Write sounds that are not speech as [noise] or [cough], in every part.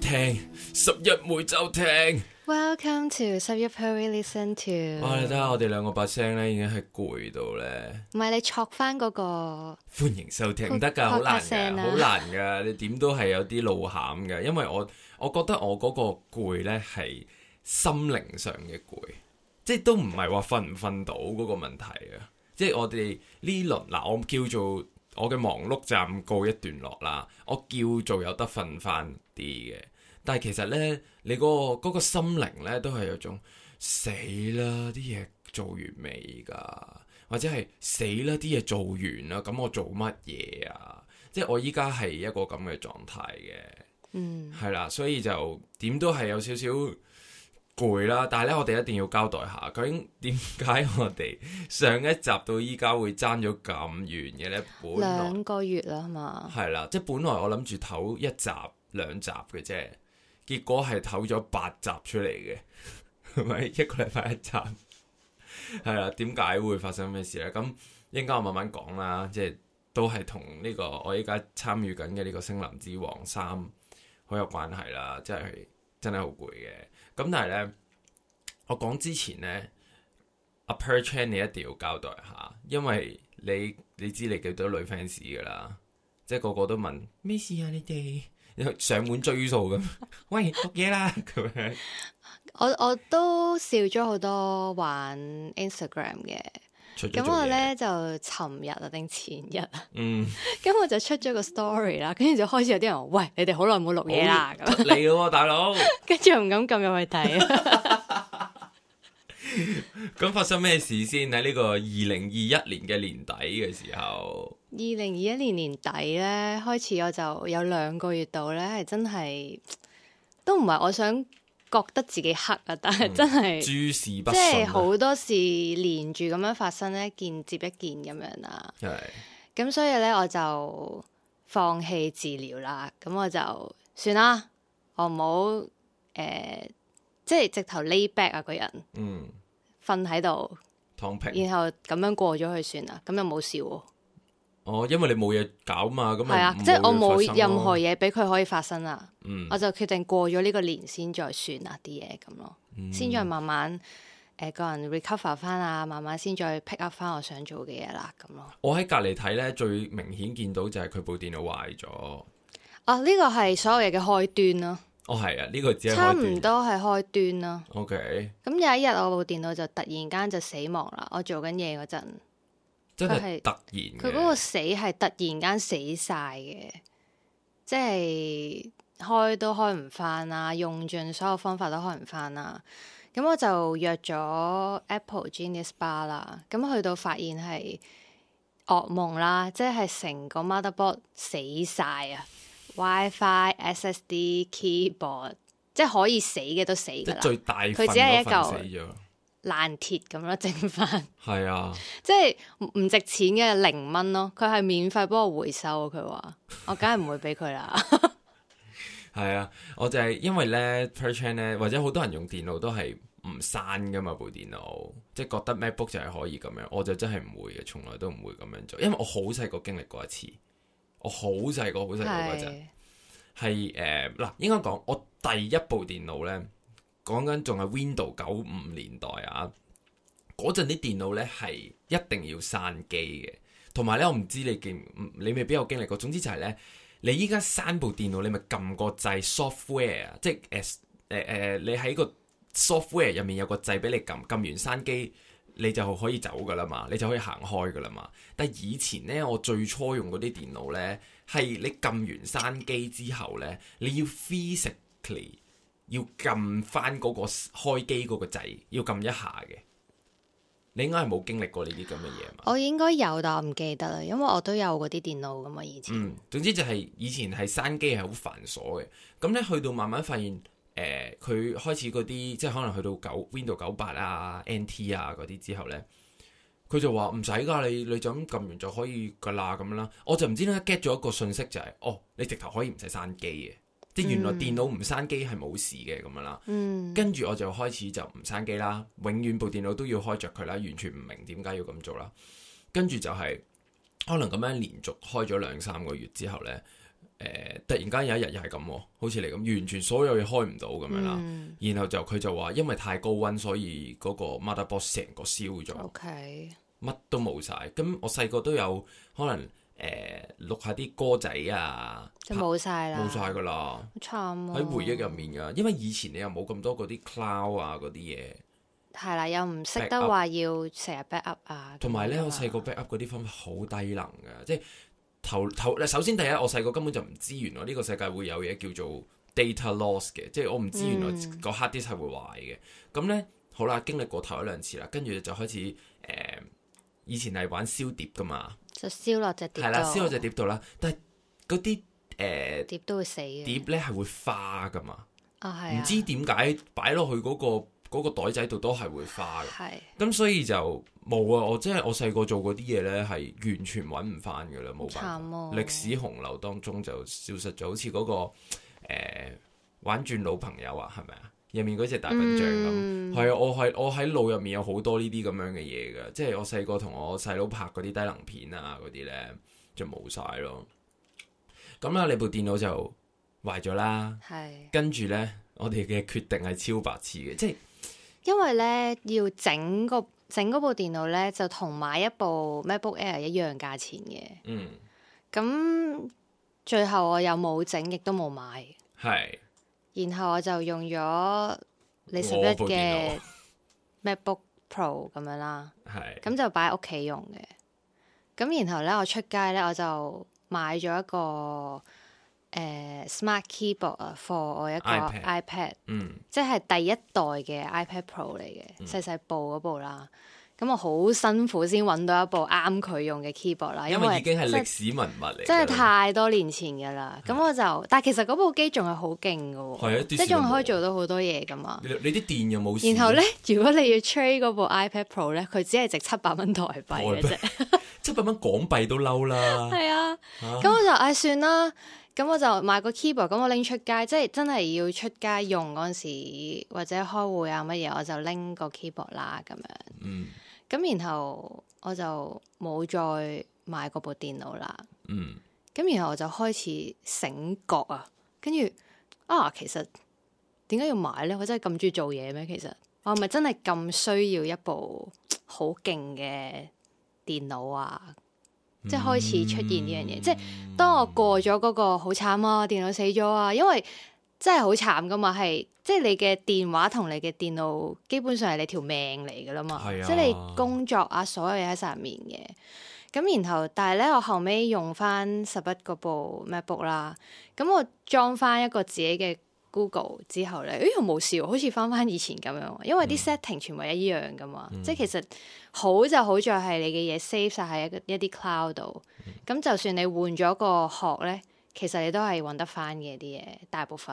聽拾壹每週聽，Welcome to 十一 Per listen to。哇，你睇下我哋兩個把聲咧，已經係攰到咧。唔係你錯翻嗰個。歡迎收聽，唔得噶，好難噶，好難噶，你點都係有啲露餡噶。因為我我覺得我嗰個攰咧係心靈上嘅攰，即係都唔係話瞓唔瞓到嗰個問題啊。即係我哋呢輪嗱，我叫做。我嘅忙碌就暫告一段落啦，我叫做有得瞓翻啲嘅，但係其實呢，你嗰、嗰個、嗰個心靈呢都係有種死啦啲嘢做完未噶，或者係死啦啲嘢做完啦，咁我做乜嘢啊？即係我依家係一個咁嘅狀態嘅，係啦、嗯，所以就都點都係有少少。攰啦，但係咧，我哋一定要交代下究竟點解我哋上一集到依家會爭咗咁遠嘅咧？本兩個月啦，係嘛？係啦，即係本來我諗住唞一集兩集嘅啫，結果係唞咗八集出嚟嘅，係 [laughs] 咪一個禮拜一集？係啦，點解會發生咩事咧？咁應該我慢慢講啦，即係都係同呢個我依家參與緊嘅呢個《森林之王三》好有關係啦，即係真係好攰嘅。咁但係咧，我講之前咧，阿 Per Chan 你一定要交代下，因為你你知你幾多女 fans 噶啦，即係個個都問咩事啊你哋，你上門追數咁， [laughs] 喂，乜嘢啦咁樣？ [laughs] [laughs] 我我都少咗好多玩 Instagram 嘅。咁我咧就尋日啊定前日啊，咁、嗯、 [laughs] 我就出咗個 story 啦，跟住就開始有啲人話：喂，你哋好耐冇錄嘢啦，咁，係嘅、啊，大佬，跟住唔敢撳入去睇。咁 [laughs] [laughs] 發生咩事先？喺呢個二零二一年嘅年底嘅時候，二零二一年年底咧，開始我就有兩個月度咧，係真係都唔係我想。覺得自己黑、嗯、啊，但係真係，諸事不順，即係好多事連住咁樣發生，一件接一件咁樣啦。係的，咁所以呢我就放棄治療啦。咁我就算啦，我唔好誒，即係直頭 lay back 啊，個人，嗯，瞓喺度躺平，然後咁樣過咗去算啦。咁又冇事喎。哦，因為你冇嘢搞啊嘛，咁係啊，啊即係我冇任何嘢俾佢可以發生啦。嗯、我就決定過咗呢個年先再算啊啲嘢咁咯，先、嗯、再慢慢誒、呃、個人 recover 翻，啊，慢慢先再 pick up 翻我想做嘅嘢啦咁咯。我喺隔籬睇呢，最明顯見到就係佢部電腦壞咗。啊，呢、這個係所有嘢嘅開端咯。哦，係啊，呢、這個只差唔多係開端咯。端 OK。咁有一日我部電腦就突然間就死亡啦，我做緊嘢嗰陣。佢係突然，佢嗰個死係突然間死晒嘅，即係開都開唔翻啦，用盡所有方法都開唔翻啦。咁我就約咗 Apple Genius Bar 啦，咁去到發現係噩夢啦，即係成個 motherboard 死晒啊，WiFi SSD keyboard，即係可以死嘅都死㗎啦，佢只係一嚿。爛鐵咁咯，整翻係啊，即係唔值錢嘅零蚊咯。佢係免費幫我回收，佢話我梗係唔會俾佢啦。係 [laughs] 啊，我就係、是、因為咧 Per 咧，或者好多人用電腦都係唔刪噶嘛，部電腦即係覺得 MacBook 就係可以咁樣，我就真係唔會嘅，從來都唔會咁樣做，因為我好細個經歷過一次，我好細個好細個嗰陣係誒，嗱，是 uh, 應該講我第一部電腦咧。講緊仲係 Windows 九五年代啊！嗰陣啲電腦呢係一定要關機嘅，同埋呢，我唔知你經，你未必有經歷過。總之就係呢，你依家刪部電腦，你咪撳個掣 software，即係誒誒你喺個 software 入面有個掣俾你撳，撳完關機你就可以走噶啦嘛，你就可以行開噶啦嘛。但係以前呢，我最初用嗰啲電腦呢，係你撳完關機之後呢，你要 physically。要撳翻嗰個開機嗰個掣，要撳一下嘅。你應該係冇經歷過呢啲咁嘅嘢嘛？我應該有，但我唔記得啦，因為我都有嗰啲電腦噶嘛，以前。嗯，總之就係以前係閂機係好繁瑣嘅。咁、嗯、咧，去到慢慢發現，誒、呃，佢開始嗰啲，即係可能去到九 Windows 九八啊、NT 啊嗰啲之後呢，佢就話唔使噶，你你就咁撳完就可以噶啦咁啦。我就唔知點解 get 咗一個信息就係、是，哦，你直頭可以唔使閂機嘅。即原來電腦唔關機係冇事嘅，咁、嗯、樣啦，跟住我就開始就唔關機啦，永遠部電腦都要開着佢啦，完全唔明點解要咁做啦。跟住就係、是、可能咁樣連續開咗兩三個月之後咧，誒、呃、突然間有一日又係咁，好似你咁，完全所有嘢開唔到咁樣啦。嗯、然後就佢就話因為太高溫，所以嗰個 motherboard 成個燒咗，乜 Okay. 都冇晒。咁我細個都有可能。誒，錄、呃、下啲歌仔啊，就冇晒啦，冇晒噶啦，好慘了！喺、啊、回憶入面噶，因為以前你又冇咁多嗰啲 cloud 啊，嗰啲嘢係啦，又唔識得話要成日 backup 啊，同埋咧，我細個 backup 嗰啲方法好低能噶，即係頭頭。首先第一，我細個根本就唔知原來呢個世界會有嘢叫做 data loss 嘅，即係我唔知原來個 hard disk 係會壞嘅。咁咧、嗯，好啦，經歷過頭一兩次啦，跟住就開始誒、嗯，以前係玩燒碟噶嘛。就燒落隻碟度係啦，燒落隻碟度啦，但係嗰啲誒碟都會死嘅，碟咧係會花噶嘛，唔、哦啊、知點解擺落去嗰、嗰個、嗰個袋仔度都係會花嘅。係咁是所以就冇啊！我即係我細個做嗰啲嘢咧，係完全揾唔翻噶啦，冇辦法。歷、啊、史洪流當中就消失咗，好似嗰、嗰個誒、呃、玩轉老朋友啊，係咪啊？入面嗰隻大笨象咁，係啊、嗯嗯！我係我喺腦入面有好多呢啲咁樣嘅嘢噶，即係我細個同我細佬拍嗰啲低能片啊，嗰啲咧就冇晒咯。咁、嗯、啦，你部電腦就壞咗啦，係。跟住咧，我哋嘅決定係超白痴嘅，即係因為咧要整個整部電腦咧，就同買一部 MacBook Air 一樣價錢嘅。嗯。咁最後我又冇整，亦都冇買。係。然後我就用咗你拾壹嘅 MacBook Pro 咁樣啦，咁 [laughs] 就擺喺屋企用嘅。咁然後咧，我出街咧，我就買咗一個誒、呃、Smart Keyboard 啊，for 我一個 Pad, iPad，即係第一代嘅 iPad Pro 嚟嘅，細細、嗯、部嗰部啦。咁我好辛苦先揾到一部啱佢用嘅 keyboard 啦，因為，因為已經係歷史文物嚟，真係太多年前嘅啦。咁是的 我就，但係其實嗰部機仲係好勁嘅喎，的即仲可以做到好多嘢噶嘛。你啲電又冇，然後咧，如果你要 trade 嗰部 iPad Pro 咧，佢只係值七百蚊台幣嘅啫，七百蚊港幣都嬲啦。係 [laughs] 的啊，咁我就唉、哎、算啦，咁我就買個 keyboard，咁我拎出街，即係真係要出街用嗰陣時或者開會啊乜嘢，我就拎個 keyboard 啦咁樣。嗯。咁然後我就冇再買嗰部電腦啦。嗯，咁然後我就開始醒覺啊，跟住啊，其實點解要買呢？我真係咁中意做嘢咩？其實我係咪真係咁需要一部好勁嘅電腦啊？嗯、即係開始出現呢樣嘢，即係當我過咗嗰個好慘啊，電腦死咗啊，因為。真係好慘噶嘛，係，即係你嘅電話同你嘅電腦基本上係你條命嚟噶啦嘛，啊、即係你工作啊，所有嘢喺上面嘅。咁然後，但係咧我後尾用翻十一嗰部 MacBook 啦，咁我裝翻一個自己嘅 Google 之後咧，誒又冇事喎，好似翻翻以前咁樣，因為啲 setting 全部一樣噶嘛。嗯、即係其實好就好在係你嘅嘢 save 晒喺一啲 cloud 度，咁、嗯、就算你換咗個殼咧。其實你都係揾得翻嘅啲嘢，大部分。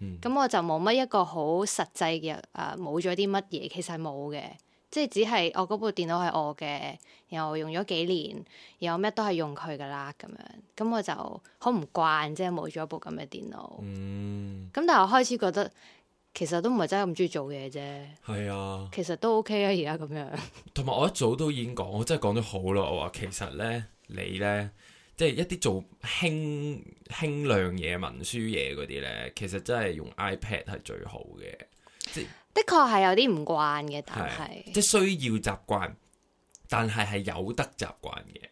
咁、嗯、我就冇乜一個好實際嘅，誒冇咗啲乜嘢。其實冇嘅，即係只係我嗰部電腦係我嘅，然後用咗幾年，然後咩都係用佢噶啦咁樣。咁我就好唔慣，即係冇咗部咁嘅電腦。嗯。咁但係我開始覺得，其實都唔係真係咁中意做嘢啫。係啊、嗯。其實都 OK 啊，而家咁樣。同埋我一早都已經講，我真係講咗好咯。我話其實咧，你咧。即係一啲做輕輕量嘢、文書嘢嗰啲咧，其實真係用 iPad 係最好嘅。即的確係有啲唔慣嘅，的但係是即係需要習慣，但係係有得習慣嘅。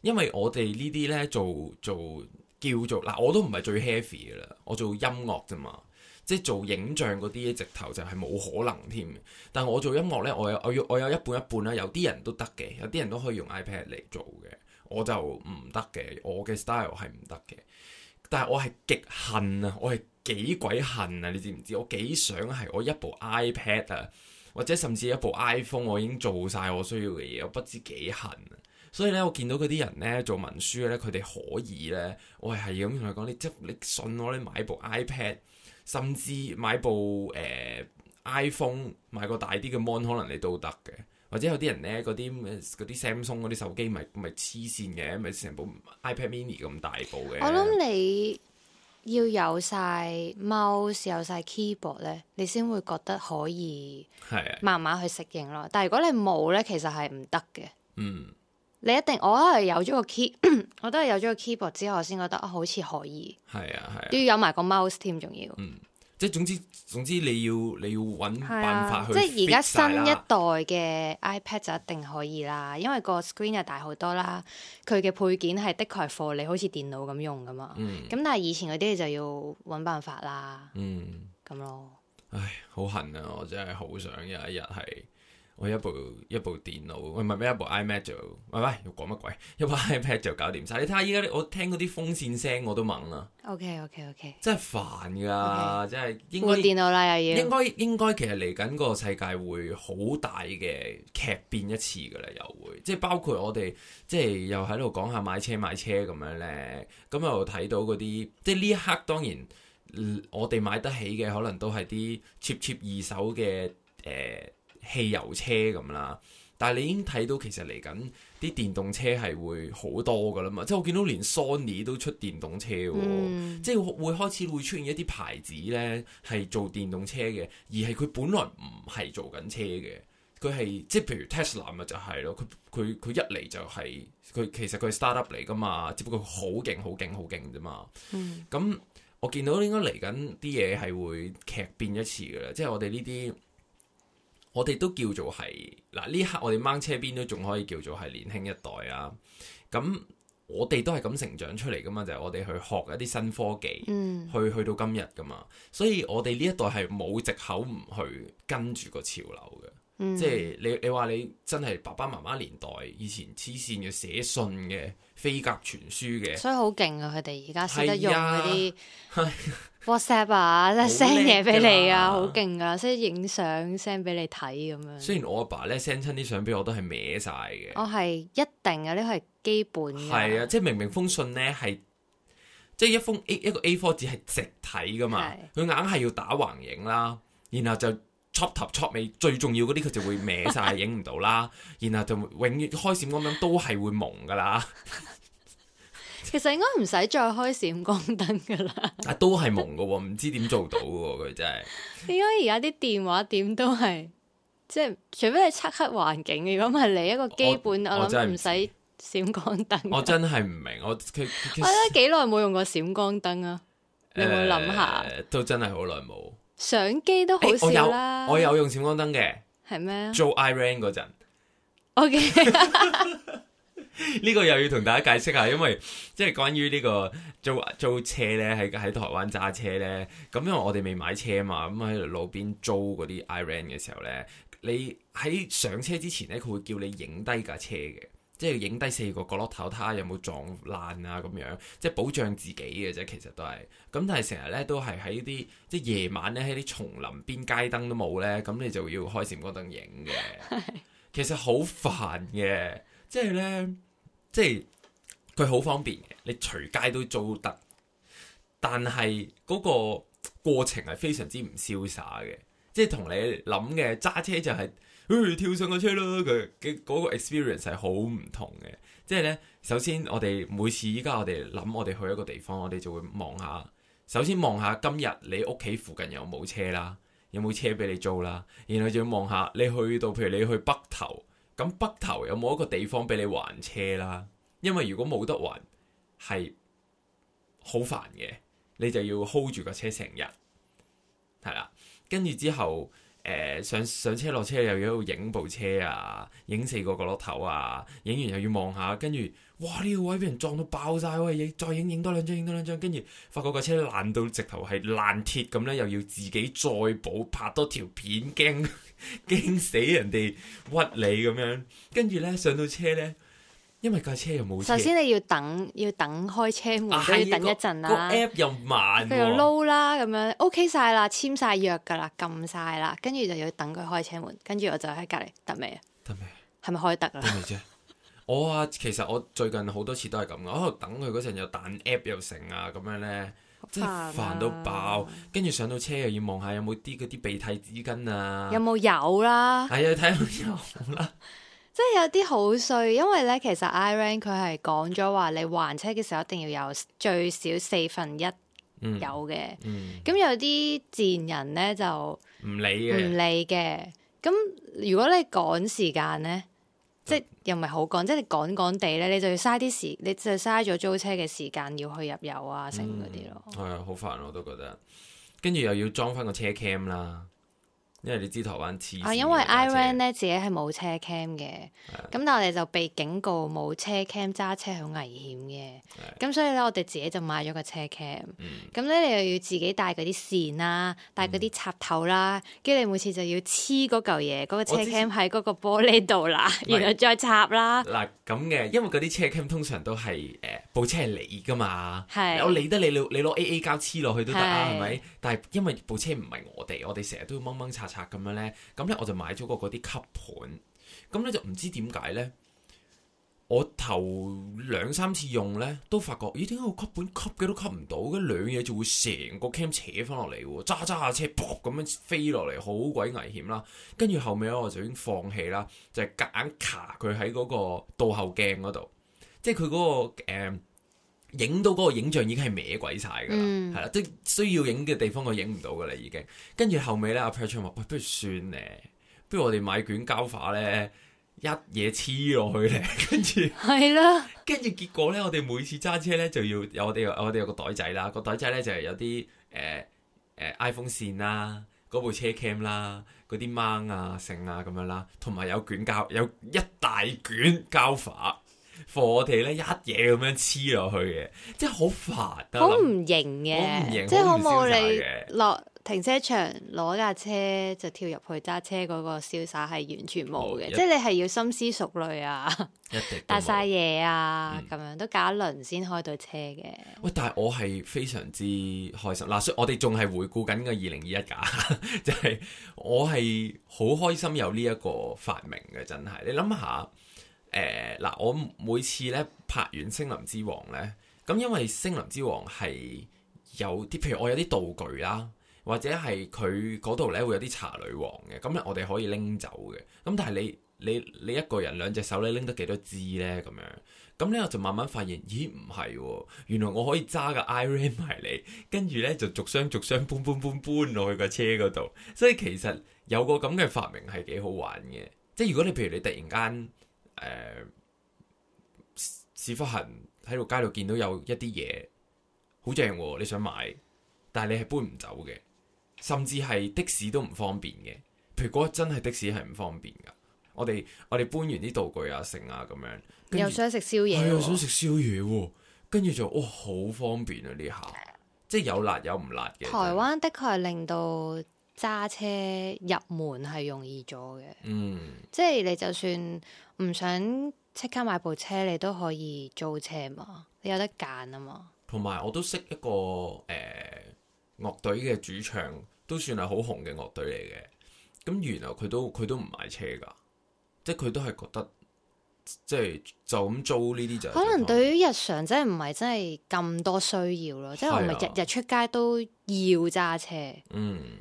因為我哋呢啲咧做做，做叫做嗱，我都唔係最 heavy 噶啦，我做音樂啫嘛。即係做影像嗰啲，直頭就係冇可能添。但係我做音樂咧，我有我要我，我有一半一半啦。有啲人都得嘅，有啲人都可以用 iPad 嚟做嘅。我就唔得嘅，我嘅 style 係唔得嘅。但係我係極恨啊，我係幾鬼恨啊！你知唔知？我幾想係我一部 iPad 啊，或者甚至一部 iPhone，我已經做晒我需要嘅嘢，我不知幾恨、啊。所以咧，我見到嗰啲人咧做文書咧，佢哋可以咧，我係係咁同佢講：你即，你信我，你買部 iPad，甚至買部誒、呃、iPhone，買個大啲嘅 mon，可能你都得嘅。或者有啲人咧，嗰啲啲 Samsung 嗰啲手機咪咪黐線嘅，咪成部 iPad Mini 咁大部嘅。我諗你要有晒 mouse 有晒 keyboard 咧，你先會覺得可以係啊，慢慢去適應咯。的但係如果你冇咧，其實係唔得嘅。嗯，你一定我係有咗個 key， [coughs] 我都係有咗個 keyboard 之後先覺得、哦、好似可以。係啊係啊，都要有埋個 mouse 添仲要。的即係總之總之你要你要揾辦法去、啊，即係而家新一代嘅 iPad 就一定可以啦，因為個 screen 又大好多啦，佢嘅配件係的確係 for 你好似電腦咁用㗎嘛。咁、嗯、但係以前嗰啲就要揾辦法啦。咁、嗯、咯。唉，好恨啊！我真係好想有一日係。我一部一部電腦，唔係咩？一部 iMac 就喂，喂，又講乜鬼？一部 iMac 就搞掂晒。你睇下依家，我聽嗰啲風扇聲我都懵啦。OK OK OK，真係煩噶，Okay. 真係。換電腦啦又要。應該應該其實嚟緊個世界會好大嘅劇變一次噶啦，又會，即係包括我哋即係又喺度講下買車買車咁樣咧。咁又睇到嗰啲，即係呢一刻當然我哋買得起嘅可能都係啲 cheap cheap 二手嘅誒。呃汽油車咁啦，但係你已經睇到其實嚟緊啲電動車係會好多噶啦嘛，即係我見到連 Sony 都出電動車喎，嗯、即係會開始會出現一啲牌子呢係做電動車嘅，而係佢本來唔係做緊車嘅，佢係即係譬如 Tesla 咪就係咯，佢佢佢一嚟就係、係、佢其實佢係 startup 嚟噶嘛，只不過好勁好勁好勁啫嘛。嗯，咁我見到應該嚟緊啲嘢係會劇變一次噶啦，即係我哋呢啲。我哋都叫做係嗱呢刻，我哋掹車邊都仲可以叫做係年輕一代啊！咁我哋都係咁成長出嚟㗎嘛，就係、是、我哋去學一啲新科技，嗯、去去到今日㗎嘛，所以我哋呢一代係冇藉口唔去跟住個潮流嘅。即係、嗯、你你話你真係爸爸媽媽年代以前黐線要寫信嘅飛鴿傳書嘅，所以好勁啊！佢哋而家識得用嗰啲 WhatsApp 啊，即係 send 嘢俾你啊，好勁啊！即係影相 send 俾你睇咁樣。雖然我阿爸咧 send 親啲相俾我都係歪晒嘅，我係一定啊，呢個係基本嘅。係啊，即係明明封信呢，係，即係一封 A, 一個 A4 紙係直睇噶嘛，佢硬係要打橫影啦，然後就。撮頭撮尾最重要嗰啲佢就會歪晒，影唔到啦。 [laughs] 然後就永遠開閃光燈都係會蒙噶啦。其實應該唔使再開閃光燈噶啦。啊，都係蒙噶、哦，唔 [laughs] 知點做到噶佢真係。 [laughs] 應該而家啲電話點都係，即係除非你漆黑環境，如果唔係你一個基本，我諗唔使閃光燈。我真係唔 [laughs] 明，我佢我咧幾耐冇用過閃光燈啊？你有冇諗下、呃，都真係好耐冇。相機都好少啦，欸，我。我有用閃光燈嘅，係咩嗎？租 iRent 嗰陣，OK [laughs] 。呢 [laughs] 個又要同大家解釋下，因為即係關於呢、這個租租車咧，喺喺台灣揸車呢。咁因為我哋未買車嘛，咁喺路邊租嗰啲 iRent 嘅時候呢，你喺上車之前呢，佢會叫你影低架車嘅。即係影低四個角落頭，睇下有冇撞爛啊咁樣，即係保障自己嘅啫。其實都係咁，但係成日咧都係喺啲即係夜晚咧喺啲叢林邊，街燈都冇咧，咁你就要開閃光燈影嘅。 [laughs] 其實好煩嘅，即係咧，即係佢好方便嘅，你隨街都租得，但係嗰個過程係非常之唔瀟灑嘅，即係同你諗嘅揸車就係、係。跳上架車啦，佢個 experience 係好唔同嘅。即係呢，首先我哋每次依家我哋諗我哋去一個地方，我哋就會望下。首先望下今日你屋企附近有冇車啦，有冇車俾你租啦。然後就要望下你去到，譬如你去北頭，咁北頭有冇一個地方俾你還車啦？因為如果冇得還，係好煩嘅。你就要 hold 住個車成日，係啦。跟住之後。誒、呃、上上車落車又要喺度影部車啊，影四個角落頭啊，影完又要望下，跟住哇呢、呢個位俾人撞到爆晒喎，影、欸、再影影多兩張，影多兩張，跟住發覺個車爛到直頭係爛鐵咁咧，又要自己再補拍多條片，驚驚死人哋屈你咁樣，跟住咧上到車咧。因為架車又冇。首先你要等，要等開車門，啊、要等一陣啦、啊。app 又慢、啊，佢又撈啦，咁樣 OK 晒啦，簽晒約噶啦，撳晒啦，跟住就要等佢開車門，跟住我就喺隔籬得未啊？得未？係咪開得啊？得未啫？我啊，其實我最近好多次都係咁噶，我喺度等佢嗰陣又彈 app 又成啊，咁樣咧，啊、真係煩到爆。跟住上到車又要望下有冇啲嗰啲鼻涕紙巾啊？有冇有啦？係啊，睇下有啦。即係有啲好衰，因為咧其實 Iran 佢係講咗話，你還車嘅時候一定要有最少四分一、嗯嗯、油嘅。咁有啲賤人咧就唔理嘅，唔理嘅。咁、嗯、如果你趕時間咧，就即係又唔係好趕，即你趕趕地咧，你就要嘥啲時，你就嘥咗租車嘅時間要去入油啊，剩嗰啲咯。係啊、嗯，好煩啊，我都覺得。跟住又要裝翻個車 cam 啦。因為你知台灣黐線，啊，因為 Iran 咧自己係冇車 cam 嘅，咁但我哋就被警告冇車 cam 揸車好危險嘅，咁所以咧我哋自己就買咗個車 cam，咁咧你又要自己帶嗰啲線啦，帶嗰啲插頭啦，跟住你每次就要黐嗰嚿嘢，嗰個車 cam 喺嗰個玻璃度啦，然後再插啦。嗱，咁嘅，因為嗰啲車 cam 通常都係誒部車係你㗎嘛，我理得你你攞 AA 膠黐落去都得啊，係咪？但係因為部車唔係我哋，我哋成日都要掹掹拆。擦咁樣咧，咁咧我就買咗個嗰啲吸盤，咁咧就唔知點解咧，我頭兩三次用咧都發覺，咦？點解個吸盤吸嘅都吸唔到？跟住兩嘢就會成個 cam 扯翻落嚟，揸揸下車，扑咁樣飛落嚟，好鬼危險啦！跟住後尾我就已經放棄啦，就係、是、夾硬卡佢喺嗰個倒後鏡嗰度，即係佢嗰個誒。呃影到嗰個影像已經係歪鬼晒噶啦，係啦、嗯，即係需要影嘅地方我影唔到噶啦已經。跟住後尾咧，阿、啊、Per 話：喂，不如算咧，不如我哋買卷膠法咧，一嘢黐落去咧。跟住係啦，跟住的結果咧，我哋每次揸車咧就要有我哋有我哋有個袋仔啦，個袋仔咧就係有啲誒誒 iPhone 線啦，嗰部車 cam 啦，嗰啲掹啊剩啊咁樣啦，同埋有卷膠，有一大卷膠法。放我哋咧一嘢咁樣黐落去嘅，即係好煩，好唔型嘅，型即係好冇你落停車場攞架車就跳入去揸車嗰個瀟灑係完全冇嘅，好一即係你係要深思熟慮啊，帶晒嘢啊，咁、嗯、樣都搞一輪先開到車嘅。喂，但係我係非常之開心嗱、啊，所以我哋仲係回顧緊個二零二一架，即 [laughs] 係我係好開心有呢一個發明嘅，真係你諗下。誒，嗱、呃，我每次咧拍完《森林之王》咧，咁因為《森林之王》係有啲，譬如我有啲道具啦，或者係佢嗰度咧會有啲茶女王嘅，咁咧我哋可以拎走嘅。咁但係你你你一個人兩隻手咧拎得幾多支咧？咁樣咁咧我就慢慢發現，咦唔係，原來我可以揸個 Iron 埋嚟，跟住咧就逐箱逐箱搬搬搬搬落去個車嗰度。所以其實有個咁嘅發明係幾好玩嘅，即係如果你譬如你突然間。誒、呃，屎忽痕喺度街度見到有一啲嘢好正，你想買，但係你係搬唔走嘅，甚至係的士都唔方便嘅。譬如嗰日真係的士係唔方便噶，我哋我哋搬完啲道具等等啊、剩啊咁樣，又想食宵夜，佢又想食宵夜，跟住就哦好方便啊呢下，即係有辣有唔辣嘅。台灣的確係令到。揸車入門係容易咗嘅，嗯，即係你就算唔想即刻買部車，你都可以租車嘛。你有得揀啊嘛。同埋，我都識一個誒樂隊嘅主唱，都算係好紅嘅樂隊嚟嘅。咁原來佢都佢都唔買車㗎，即係佢都係覺得即係就咁租呢啲就是。可能對於日常，即係唔係真係咁多需要咯，啊、即係我咪日日出街都要揸車，嗯。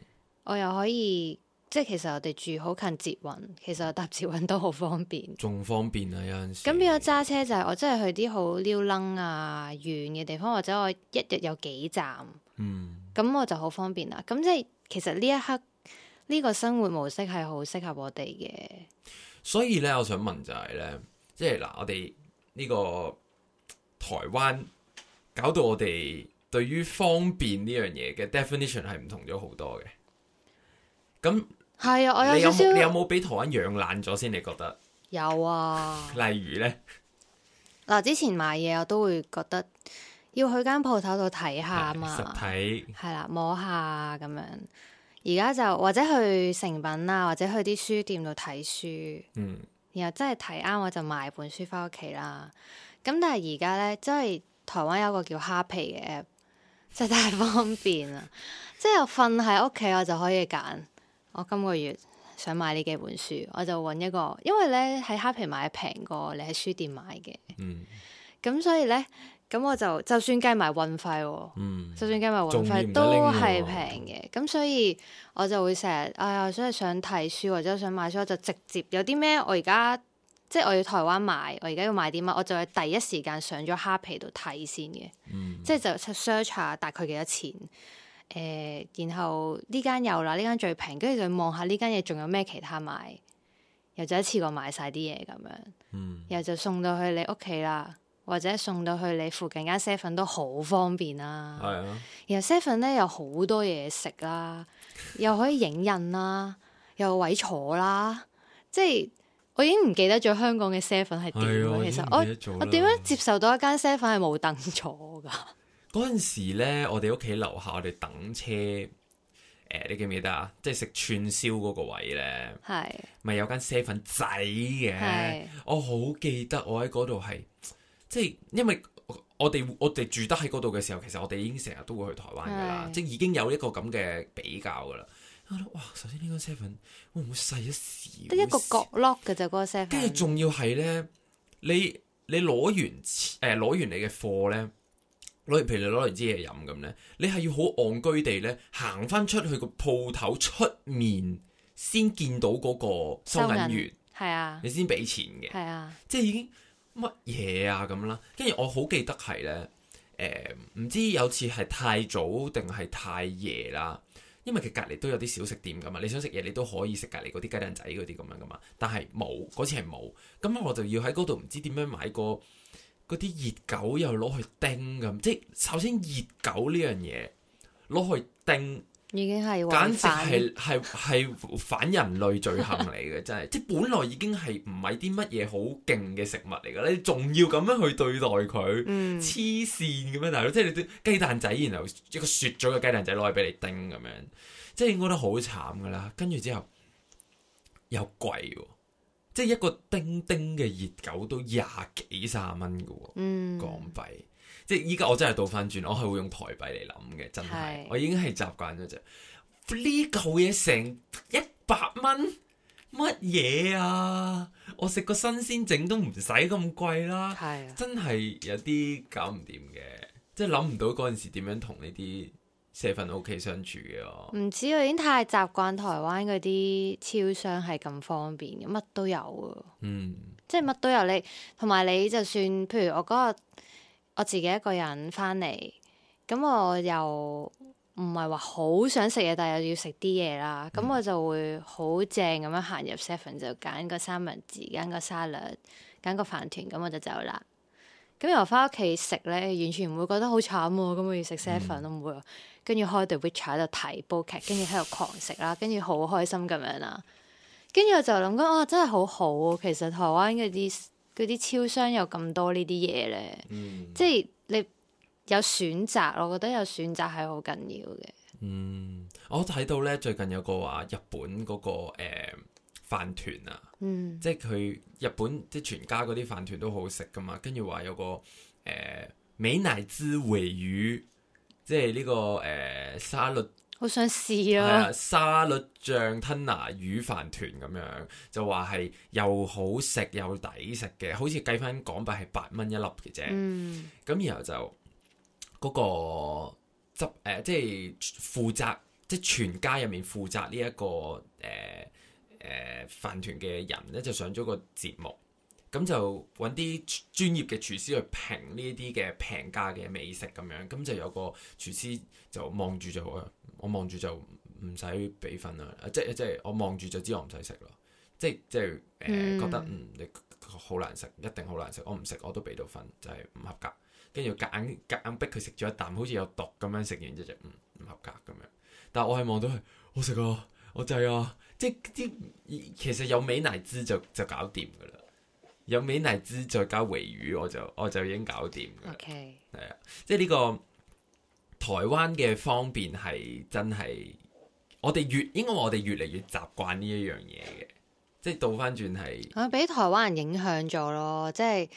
我又可以，即係其實我哋住好近捷運，其實搭捷運都好方便。仲方便啊！有陣時咁，變咗揸車就係我真係去啲好溜楞啊遠嘅地方，或者我一日有幾站，咁、嗯、我就好方便啦。咁即係其實呢一刻呢、呢個生活模式係好適合我哋嘅。所以咧，我想問就係、是、咧，即係嗱，我哋呢、呢個台灣搞到我哋對於方便呢樣嘢嘅 definition 係唔同咗好多嘅。咁係啊！我有少少你有冇俾台灣養懶咗先？你覺得有啊？ [laughs] 例如咧呢，嗱，之前買嘢我都會覺得要去間鋪頭度睇下啊嘛，實體係啦，摸下咁樣。而家就或者去成品啊，或者去啲書店度睇書，嗯，然後真係睇啱我就買本書翻屋企啦。咁但係而家咧，即係台灣有個叫 Happy 嘅 app，真係大方便啊！ [laughs] 即係瞓喺屋企我就可以揀。我今個月想買呢幾本書，我就揾一個，因為咧喺蝦皮買平過你喺書店買嘅。嗯。咁所以咧，咁我就就算計埋運費，嗯，就算計埋運費都係平嘅。咁、嗯、所以我就會成日，哎呀，所以想睇書或者想買書，我就直接有啲咩我而家即係我要台灣買，我而家要買啲乜，我就係第一時間上咗蝦皮度睇先嘅。嗯、即係就 search 下大概幾多錢。誒、呃，然後呢間有啦，呢間最平，跟住就望下呢間嘢仲有咩其他買，又就一次過買晒啲嘢咁樣，嗯、然後就送到去你屋企啦，或者送到去你附近間 seven 都好方便啦，係啊，然後 seven 咧有好多嘢食啦，又可以影印啦， [laughs] 又有位坐啦，即係我已經唔記得咗香港嘅 seven 係點。其實我我點樣接受到一間 seven 係冇凳坐噶？ [laughs] 嗰陣時咧，我哋屋企樓下，我哋等車。誒、呃，你記唔記得啊？即係食串燒嗰個位咧，係咪是有間 seven 仔嘅？是我好記得我，我喺嗰度係即係，因為我哋我哋住得喺嗰度嘅時候，其實我哋已經成日都會去台灣噶啦，是即係已經有一個咁嘅比較噶啦。我覺得哇，首先呢間 seven 會唔會細一小時？得一個角落嘅就嗰個 seven，跟住仲要係咧，你你攞完誒攞、呃、完你嘅貨咧。攞嚟，譬如你攞嚟支嘢飲咁咧，你係要好戇居地咧，行翻出去個鋪頭出面先見到嗰個收銀員，係啊，你先俾錢嘅，係啊，即係已經乜嘢啊咁啦。跟住我好記得係咧，誒、呃、唔知有次係太早定係太夜啦，因為佢隔離都有啲小食店噶嘛，你想食嘢你都可以食隔離嗰啲雞蛋仔嗰啲咁樣噶嘛，但係冇嗰次係冇，咁我就要喺嗰度唔知點樣買個。嗰啲熱狗又攞去叮咁，即係首先熱狗呢樣嘢攞去叮，已經係簡直係係係反人類罪行嚟嘅，真係！ [laughs] 即係本來已經係唔係啲乜嘢好勁嘅食物嚟嘅咧，仲要咁樣去對待佢，黐線咁樣大佬，即係你啲雞蛋仔，然後一個雪咗嘅雞蛋仔攞去俾你叮咁樣，即係應該都好慘噶啦！跟住之後又貴喎。即係一個叮叮嘅熱狗都廿幾卅蚊嘅喎，嗯、港幣。即係依家我真係倒翻轉，我係會用台幣嚟諗嘅，真係。是我已經係習慣咗啫。呢嚿嘢成一百蚊，乜嘢啊？我食個新鮮整都唔使咁貴啦。是真係有啲搞唔掂嘅，即係諗唔到嗰陣時點樣同呢啲。Seven 屋企相處嘅咯，唔知佢已經太習慣台灣嗰啲超商係咁方便嘅，乜都有啊。嗯，即係乜都有你同埋你就算，譬如我嗰、那、日、個、我自己一個人翻嚟，咁我又唔係話好想食嘢，但係又要食啲嘢啦。咁、嗯、我就會好正咁樣行入 Seven、嗯、就揀個三文治，揀個沙律，l a d 揀個飯團，咁我就走啦。咁又翻屋企食咧，完全唔會覺得好慘喎、啊。咁我要食 Seven 都唔會。跟住開台 Wii 喺度睇煲劇，跟住喺度狂食啦，跟住好開心咁樣啦。跟住我就諗緊，哦，真係好好。其實台灣嗰啲啲超商有咁多呢啲嘢咧，嗯、即係你有選擇。我覺得有選擇係好緊要嘅。嗯，我睇到咧最近有個話日本嗰、那個誒、呃、飯團啊，嗯，即係佢日本即係全家嗰啲飯團都好食噶嘛。跟住話有個誒、呃、美乃滋鮪魚。即係呢、這個誒、呃、沙律，好想試啊、哎！沙律醬吞拿魚飯團咁樣，就話係又好食又抵食嘅，好似計翻港幣係八蚊一粒嘅啫。咁、嗯、然後就嗰、那個執誒、呃，即係負責即係全家入面負責、這個呃呃、飯呢一個誒誒飯團嘅人咧，就上咗個節目。咁就揾啲專業嘅廚師去評呢啲嘅平價嘅美食咁樣。咁就有個廚師就望住就我，望住就唔使俾分啦。即即我望住就知我唔使食咯。即即誒、呃嗯、覺得嗯，你好難食，一定好難食。我唔食我都俾到分。」就係、是、唔合格。跟住夾硬硬逼佢食咗一啖，好似有毒咁樣，食完，即係唔唔合格咁樣。但我係望到佢好食啊，我制啊，啊，即啲其實有美乃滋就就搞掂噶啦。有美乃滋，再加維語，我就我就已經搞掂嘅。係 Okay.、這個、啊，即係呢個台灣嘅方便係真係，我哋越應該我哋越嚟越習慣呢一樣嘢嘅。即係倒翻轉係，啊俾台灣人影響咗咯。即係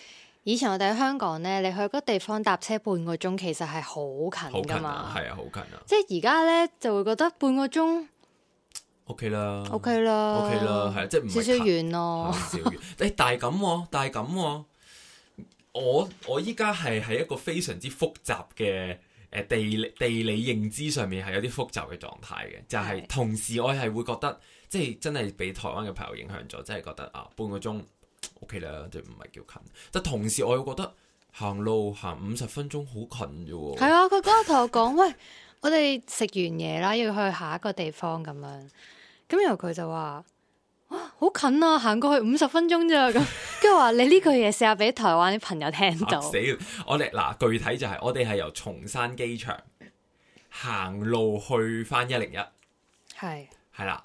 以前我哋喺香港咧，你去嗰地方搭車半個鐘，其實係好近㗎嘛。係啊，好近啊。好近啊，即係而家咧就會覺得半個鐘。O K 啦，O K 啦，O K 啦，係啊，即係少少遠咯，少遠。誒，但係咁，但係咁，我我依家係喺一個非常之複雜嘅誒地理地理認知上面係有啲複雜嘅狀態嘅，就係同時我係會覺得，即係真係俾台灣嘅朋友影響咗，真係覺得啊半個鐘 O K 啦，就唔係叫近。但同時我又覺得行路行五十分鐘好近啫喎。係 [laughs] 啊，佢嗰日同我講，喂，我哋食完嘢啦，要去下一個地方咁樣。咁然後佢就話，哇，好近啊，行過去五十分鐘咋咁。跟 [laughs] 住說 [laughs] 話你呢句嘢試下俾台灣啲朋友聽到。死，我哋嗱具體就係、是、我哋係由松山機場行路去翻一零一，係係啦，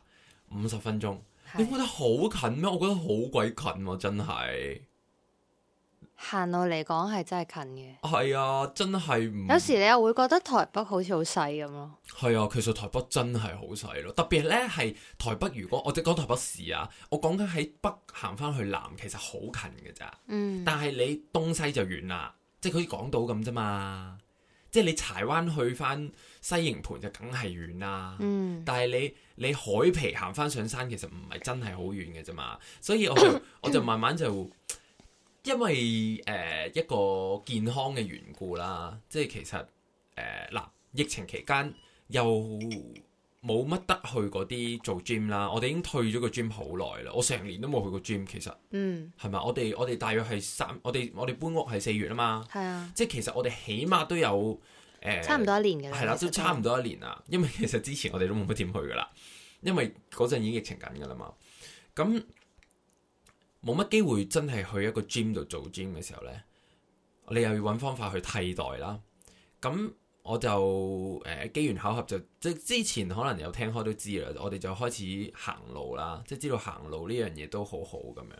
五十分鐘。 [laughs] 你覺得好近咩？我覺得好鬼近喎，啊，真係。行路嚟講係真係近嘅，係啊，真係唔。有時你又會覺得台北好似好細咁咯。係啊，其實台北真係好細咯，特別呢，係台北。如果我即講台北市啊，我講緊喺北行翻去南，其實好近嘅咋。嗯。但係你東西就遠啦，即係好似港島咁啫嘛。即係你柴灣去翻西營盤就梗係遠啦。嗯。但係你你海皮行翻上山，其實唔係真係好遠嘅啫嘛。所以我我就慢慢就。 [coughs] 因為誒、呃、一個健康嘅緣故啦，即係其實誒嗱、呃，疫情期間又冇乜得去嗰啲做 gym 啦。我哋已經退咗個 gym 好耐啦。我成年都冇去過 gym，其實嗯係咪？我哋我哋大約係三我哋我哋搬屋係四月啊嘛，係啊、嗯，即係其實我哋起碼都有誒、呃、差唔多一年嘅係啦，都差唔多一年啊。因為其實之前我哋都冇乜點去噶啦，因為嗰陣已經疫情緊噶啦嘛，咁、嗯。嗯嗯嗯嗯嗯冇乜機會真係去一個 gym 度做 gym 嘅時候呢，你又要揾方法去替代啦。咁我就誒機緣巧合，就即之前可能有聽開都知啦。我哋就開始行路啦，即知道行路呢樣嘢都好好咁樣。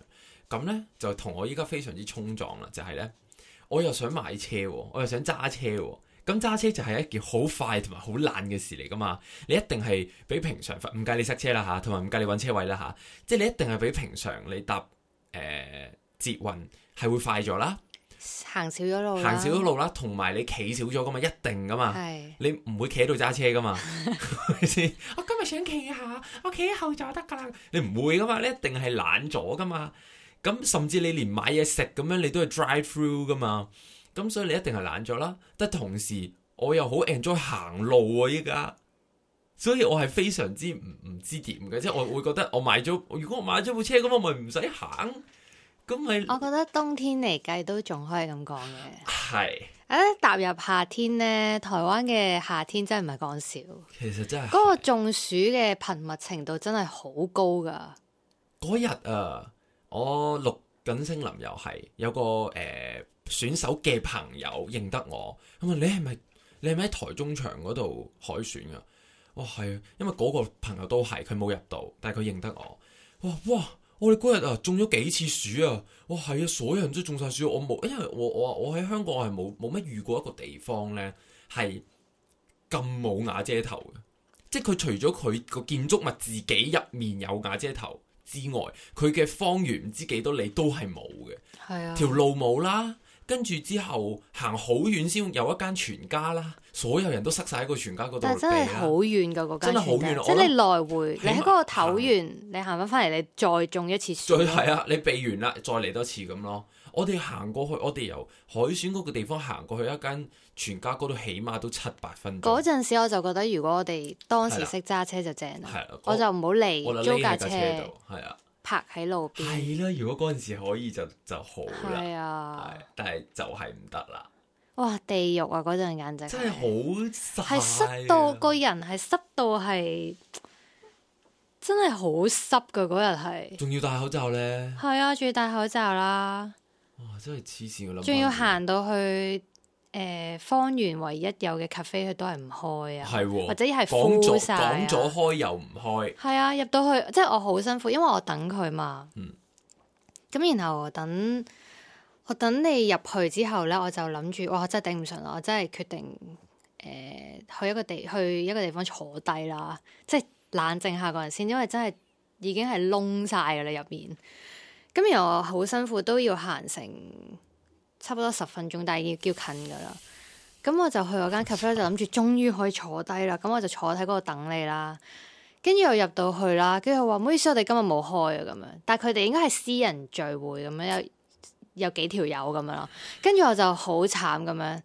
咁呢，就同我依家非常之衝撞啦，就係呢：我又想買車，我又想揸車。咁揸車就係一件好快同埋好懶嘅事嚟噶嘛。你一定係比平常唔介你塞車啦吓，同埋唔介你揾車位啦吓，即係你一定係比平常你搭。誒，捷運係會快咗啦，行少咗路,路，行少咗路啦，同埋你企少咗噶嘛，一定噶嘛，係你唔會企喺度揸車噶嘛，咪先？我今日想企下，我企喺後座得噶啦，你唔會噶嘛？你一定係懶咗噶嘛？咁甚至你連買嘢食咁樣，你都係 drive through 噶嘛？咁所以你一定係懶咗啦。但同時我又好 enjoy 行路啊！依家。所以我係非常之唔唔知點嘅，即係我會覺得我買咗，如果我買咗部車咁，我咪唔使行。咁係，我覺得冬天嚟計都仲可以咁講嘅。係，誒、啊、踏入夏天呢，台灣嘅夏天真係唔係講笑。其實真係嗰個中暑嘅頻密程度真係好高噶。嗰日啊，我錄緊聲林，又係有個誒、呃、選手嘅朋友認得我，佢問，你係咪你係咪喺台中場嗰度海選啊？哇，係啊，因為嗰個朋友都係，佢冇入到，但係佢認得我。哇哇，我哋嗰日啊中咗幾次暑啊！哇，係啊，所有人都中晒暑。我冇，因為我我我喺香港我，我係冇冇乜遇過一個地方咧係咁冇瓦遮頭嘅。即係佢除咗佢個建築物自己入面有瓦遮頭之外，佢嘅方圓唔知幾多里都係冇嘅。係啊，條路冇啦。跟住之後行好遠先有一間全家啦，所有人都塞晒喺個全家嗰度。但真係好遠噶嗰間，真係好遠。即係你來回，嗎你喺嗰個唞完，嗎你行翻翻嚟，你再中一次樹。係啊，啊！你避完啦，再嚟多次咁咯。我哋行過去，我哋由海選嗰個地方行過去一間全家嗰度，起碼都七八分鐘。嗰陣時我就覺得，如果我哋當時識揸車就正啦，啊啊、我就唔好嚟租架車。係啊。泊喺路邊係啦，如果嗰陣時可以就就好啦。係啊，但係就係唔得啦。哇，地獄啊！嗰陣間真係好曬，濕到個人係濕到係真係好濕噶嗰日係。仲要戴口罩咧？係啊，仲要戴口罩啦。哇，真係黐線嘅諗法。仲要行到去。誒、呃，方圓唯一有嘅 cafe，佢都係唔開啊，哦、或者一係封咗，封咗開又唔開。係啊，入到去，即係我好辛苦，因為我等佢嘛。咁、嗯、然後我等我等你入去之後咧，我就諗住，哇！真係頂唔順啦，我真係決定誒、呃、去一個地，去一個地方坐低啦，即係冷靜下個人先，因為真係已經係窿晒噶啦入面。咁然後我好辛苦，都要行成，差不多十分鐘，但係要叫近噶啦。咁我就去我間 cafe 就諗住終於可以坐低啦。咁我就坐喺嗰度等你啦。跟住我入到去啦，跟住我話：唔好意思，我哋今日冇開啊咁樣。但係佢哋應該係私人聚會咁樣，有有幾條友咁樣咯。跟住我就好慘咁樣。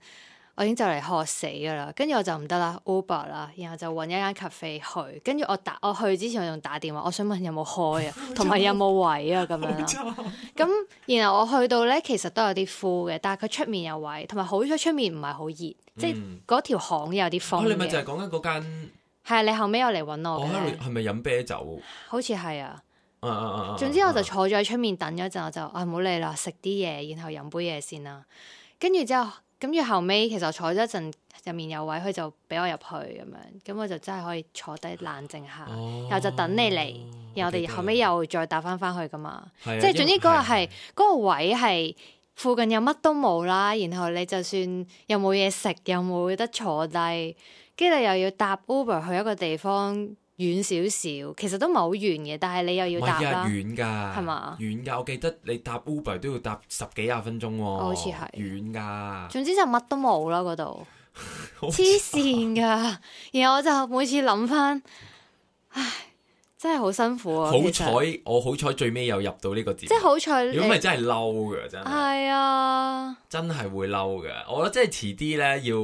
我已經就嚟渴死噶啦，跟住我就唔得啦，Uber 啦，然後就揾一間 cafe 去。跟住我打，我去之前我仲打電話，我想問有冇開啊，同埋 [laughs] 有冇位啊咁醜樣啊。咁然後我去到咧，其實都有啲 full 嘅，但係佢出面有位，同埋好彩出面唔係好熱，嗯、即係嗰條巷有啲風、啊。你咪就係講緊嗰間？係啊，你後尾又嚟揾我嘅。係咪飲啤酒？嗯、好似係啊。嗯、uh, uh, uh, uh, uh, 總之我就坐咗喺出面等咗陣，我就啊唔好、uh, uh, uh, uh, 理啦，食啲嘢，然後飲杯嘢先啦。跟住之後。咁住後尾其實我坐咗一陣，入面有位，佢就俾我入去咁樣，咁我就真係可以坐低冷靜下，然後、哦、就等你嚟，哦、然後我哋後尾又再搭翻翻去㗎嘛，即係是為總之嗰日係嗰個位係附近又乜都冇啦，然後你就算又冇嘢食，又冇得坐低，跟住你又要搭 Uber 去一個地方。遠少少，其實都唔係好遠嘅，但係你又要搭啦。係嘛、啊？遠噶吧，我記得你搭 Uber 都要搭十幾廿分鐘喎、哦。好似係。遠噶的。總之就乜都冇啦嗰度。黐綫噶，然後我就每次諗翻，唉，真係好辛苦啊。好彩，我好彩最尾又入到呢個節目。即係好彩。如果唔係真係嬲噶，真係。係啊。真係會嬲噶，我覺得即係遲啲咧要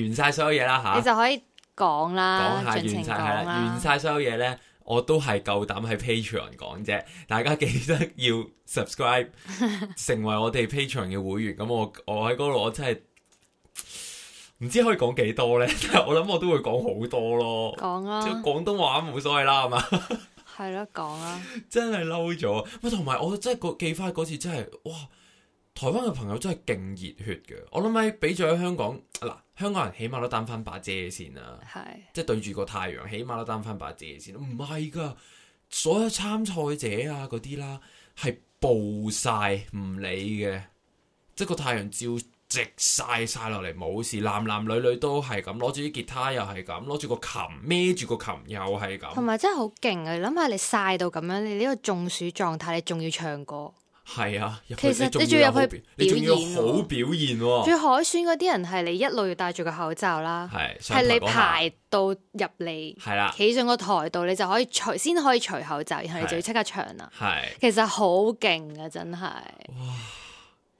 完曬所有嘢啦吓。啊、你就可以。講啦，盡晒，講啦。完晒所有嘢咧， [music] 我都係夠膽喺 Patreon 講啫。大家記得要 subscribe，成為我哋 Patreon 嘅會員。咁 [laughs] 我我喺嗰度，我，我真係唔知可以講幾多咧。 [laughs] 但我諗我都會講好多咯。講啦 [laughs] 吧，講廣東話冇所謂啦，係嘛？ [laughs] 係咯，講啊， [laughs] 真係嬲咗，唔同埋我真係記返嗰次真係哇！台灣嘅朋友真係勁熱血嘅，我諗起比咗香港嗱、啊，香港人起碼都擔翻把遮先啦、啊，是即係對住個太陽，起碼都擔翻把遮先。唔係噶，所有參賽者啊嗰啲啦，係、啊、暴曬唔理嘅，即係個太陽照直晒晒落嚟冇事，男男女女都係咁，攞住啲吉他又係咁，攞住個琴孭住個琴又係咁，同埋真係好勁呀，你諗下，你曬到咁樣，你呢個中暑狀,狀態，你仲要唱歌？係啊，其實你仲要入去表演、啊，仲、啊、最海選嗰啲人係你一路要戴住個口罩啦、啊，係係你排到入嚟，係啦、啊，企上個台度你就可以除，先可以除口罩，然後你就要即刻唱啦、啊，係，其實好勁啊，真係，哇，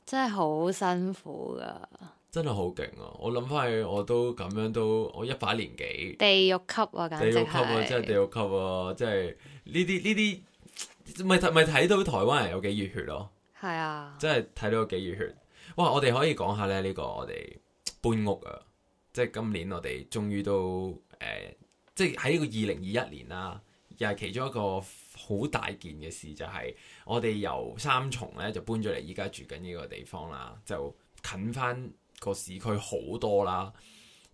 真係好辛苦噶、啊，真係好勁啊，我諗翻去，我都咁樣都，我一把年紀，地獄級啊簡直係，真係地獄級啊，真係呢啲呢啲。咪睇咪睇到台灣人有幾熱血咯，係啊！即係睇到有幾熱血。哇！我哋可以講下咧呢、呢個我哋搬屋啊，即係今年我哋終於都誒、呃，即係喺呢個二零二一年啦，又係其中一個好大件嘅事，就係、係、我哋由三重咧就搬咗嚟依家住緊呢個地方啦，就近翻個市區好多啦，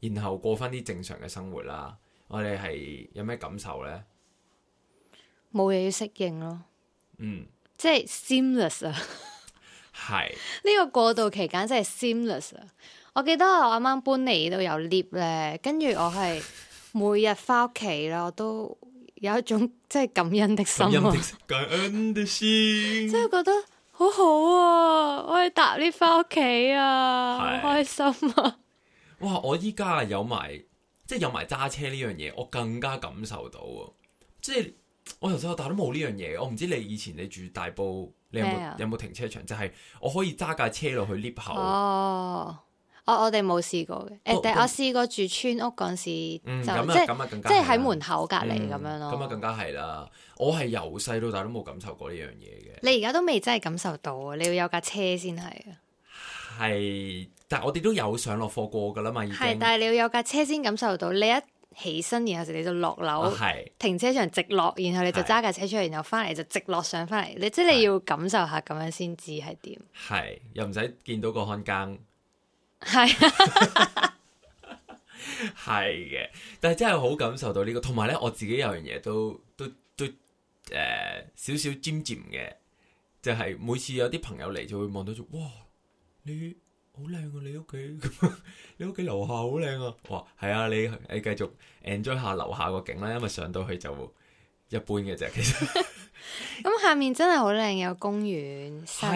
然後過翻啲正常嘅生活啦。我哋係有咩感受呢？冇嘢要適應咯，嗯即是 [laughs] 是，即係 seamless 啊，係呢個過渡期間真係 seamless 啊！我記得我啱啱搬嚟都有 lift 咧，跟住我係每日翻屋企咯，我都有一種即係感恩的心 [laughs] 感恩的心，即 [laughs] 係 [laughs] [laughs] 覺得好好啊！我係搭 lift 翻屋企啊，是好開心啊 [laughs] ！哇！我依家有埋即係有埋揸車呢樣嘢，我更加感受到啊！即係。我頭先我但都冇呢樣嘢，我唔知你以前你住大埔，你有冇有冇，啊、停車場？就係、是、我可以揸架車落去 lift 口。哦，我我哋冇試過嘅。誒、哦，但我試過住村屋嗰陣時就，嗯，咁啊，咁啊即，更加即係喺門口隔籬咁樣咯，咁啊，嗯，就更加係啦。我係由細到大都冇感受過呢樣嘢嘅。你而家都未真係感受到啊？你要有架車先係啊。係，但係我哋都有上落貨過噶啦嘛。已經係，但係你要有架車先感受到呢一。起身，然後你就落樓，哦、停車場直落，然後你就揸架車出嚟，是然後翻嚟就直落上翻嚟。是你即係你要感受下咁樣先知係點。係又唔使見到個看更，係係嘅。但係真係好感受到呢、呢個。同埋呢，我自己有樣嘢都都都誒少少尖尖嘅，就係、是、每次有啲朋友嚟就會望到就哇你。好靚啊！你屋企， [laughs] 你屋企樓下好靚啊！哇，係啊，你你繼續 enjoy 下樓下個景啦，因為上到去就一般嘅啫。其實 [laughs] [laughs] 嗯，咁下面真係好靚，有公園，係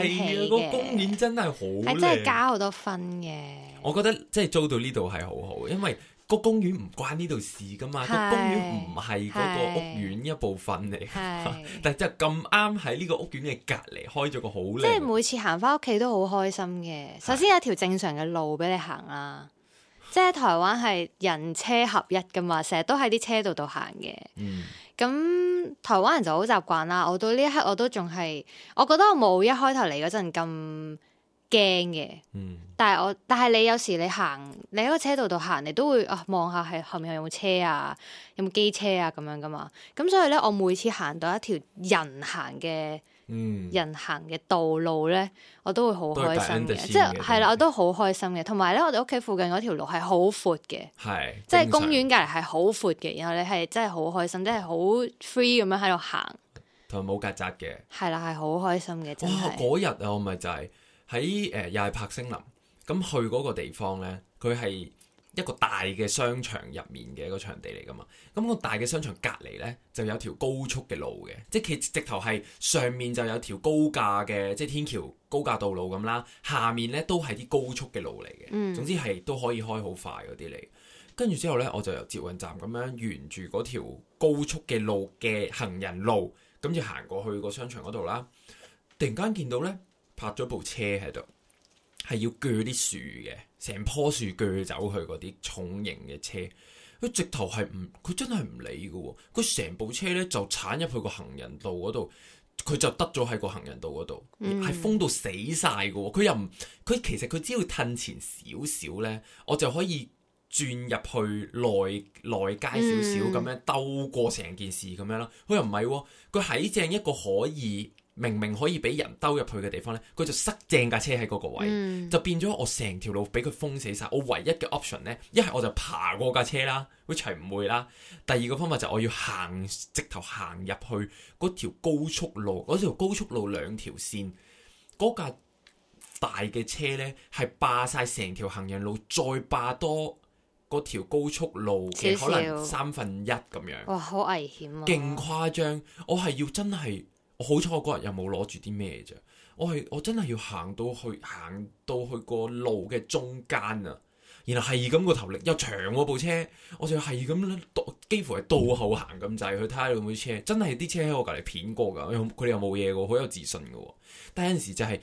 啊，個公園真係好靚，係、哎、真係加好多分嘅。 [laughs] 我覺得即係租到呢度係好好，因為。個公園唔關呢度事噶嘛，個是公園唔係嗰個屋苑一部分嚟，是 [laughs] 但係即係咁啱喺呢個屋苑嘅隔離開咗個好靚。即係每次行翻屋企都好開心嘅。是首先有條正常嘅路俾你行啦，是即係台灣係人車合一噶嘛，成日都喺啲車度度行嘅。咁、嗯、台灣人就好習慣啦，我到呢一刻我都仲係，我覺得我冇一開頭嚟嗰陣咁。驚嘅，嗯、但係我，但係你有時你行你喺個車道度行，你都會啊望下係後面有冇車啊，有冇機車啊咁樣噶嘛。咁所以咧，我每次行到一條人行嘅，嗯、人行嘅道路咧，我都會好開心嘅，即係係啦，我都好開心嘅。同埋咧，我哋屋企附近嗰條路係好闊嘅，係是，即係公園隔籬係好闊嘅，然後你係真係好開心，即係好 free 咁樣喺度行，同埋冇曱甴嘅，係啦，係好開心嘅，真係。嗰日、哦、啊，我咪就係、是。喺誒、呃、又係柏星林咁去嗰個地方呢，佢係一個大嘅商場入面嘅一個場地嚟噶嘛。咁個大嘅商場隔離呢，就有條高速嘅路嘅，即係直直頭係上面就有條高架嘅即係天橋高架道路咁啦，下面呢，都係啲高速嘅路嚟嘅。嗯，總之係都可以開好快嗰啲嚟。跟住之後呢，我就由捷運站咁樣沿住嗰條高速嘅路嘅行人路，咁就行過去個商場嗰度啦。突然間見到呢，拍咗部車喺度，係要鋸啲樹嘅，成棵樹鋸走佢嗰啲重型嘅車，佢直頭係唔，佢真係唔理㗎喎，佢成部車咧就鏟入去個行人道嗰度，佢就得咗喺個行人道嗰度，係封到死晒㗎喎，佢又唔，佢其實佢只要褪前少少咧，我就可以轉入去內內街少少咁樣兜過成件事咁樣啦，佢又唔係喎，佢喺正一個可以。明明可以俾人兜入去嘅地方呢，佢就塞正架車喺嗰個位，嗯、就變咗我成條路俾佢封死晒。我唯一嘅 option 呢，一係我就爬過嗰架車啦，which 係唔會啦。第二個方法就我要行，直頭行入去嗰條高速路，嗰條高速路兩條線嗰架大嘅車呢，係霸晒成條行人路，再霸多嗰條高速路嘅少可能三分一咁樣。哇！好危險啊！勁誇張，我係要真係～好，我好彩我嗰日又冇攞住啲咩啫，我係我真係要行到去行到去個路嘅中間啊，然後係咁個頭力又長個、啊、部車，我就係咁咧，幾乎係倒後行咁滯去睇下有冇車，真係啲車喺我隔籬片過噶，佢哋又冇嘢噶，好有自信噶，但係有陣時就係、是、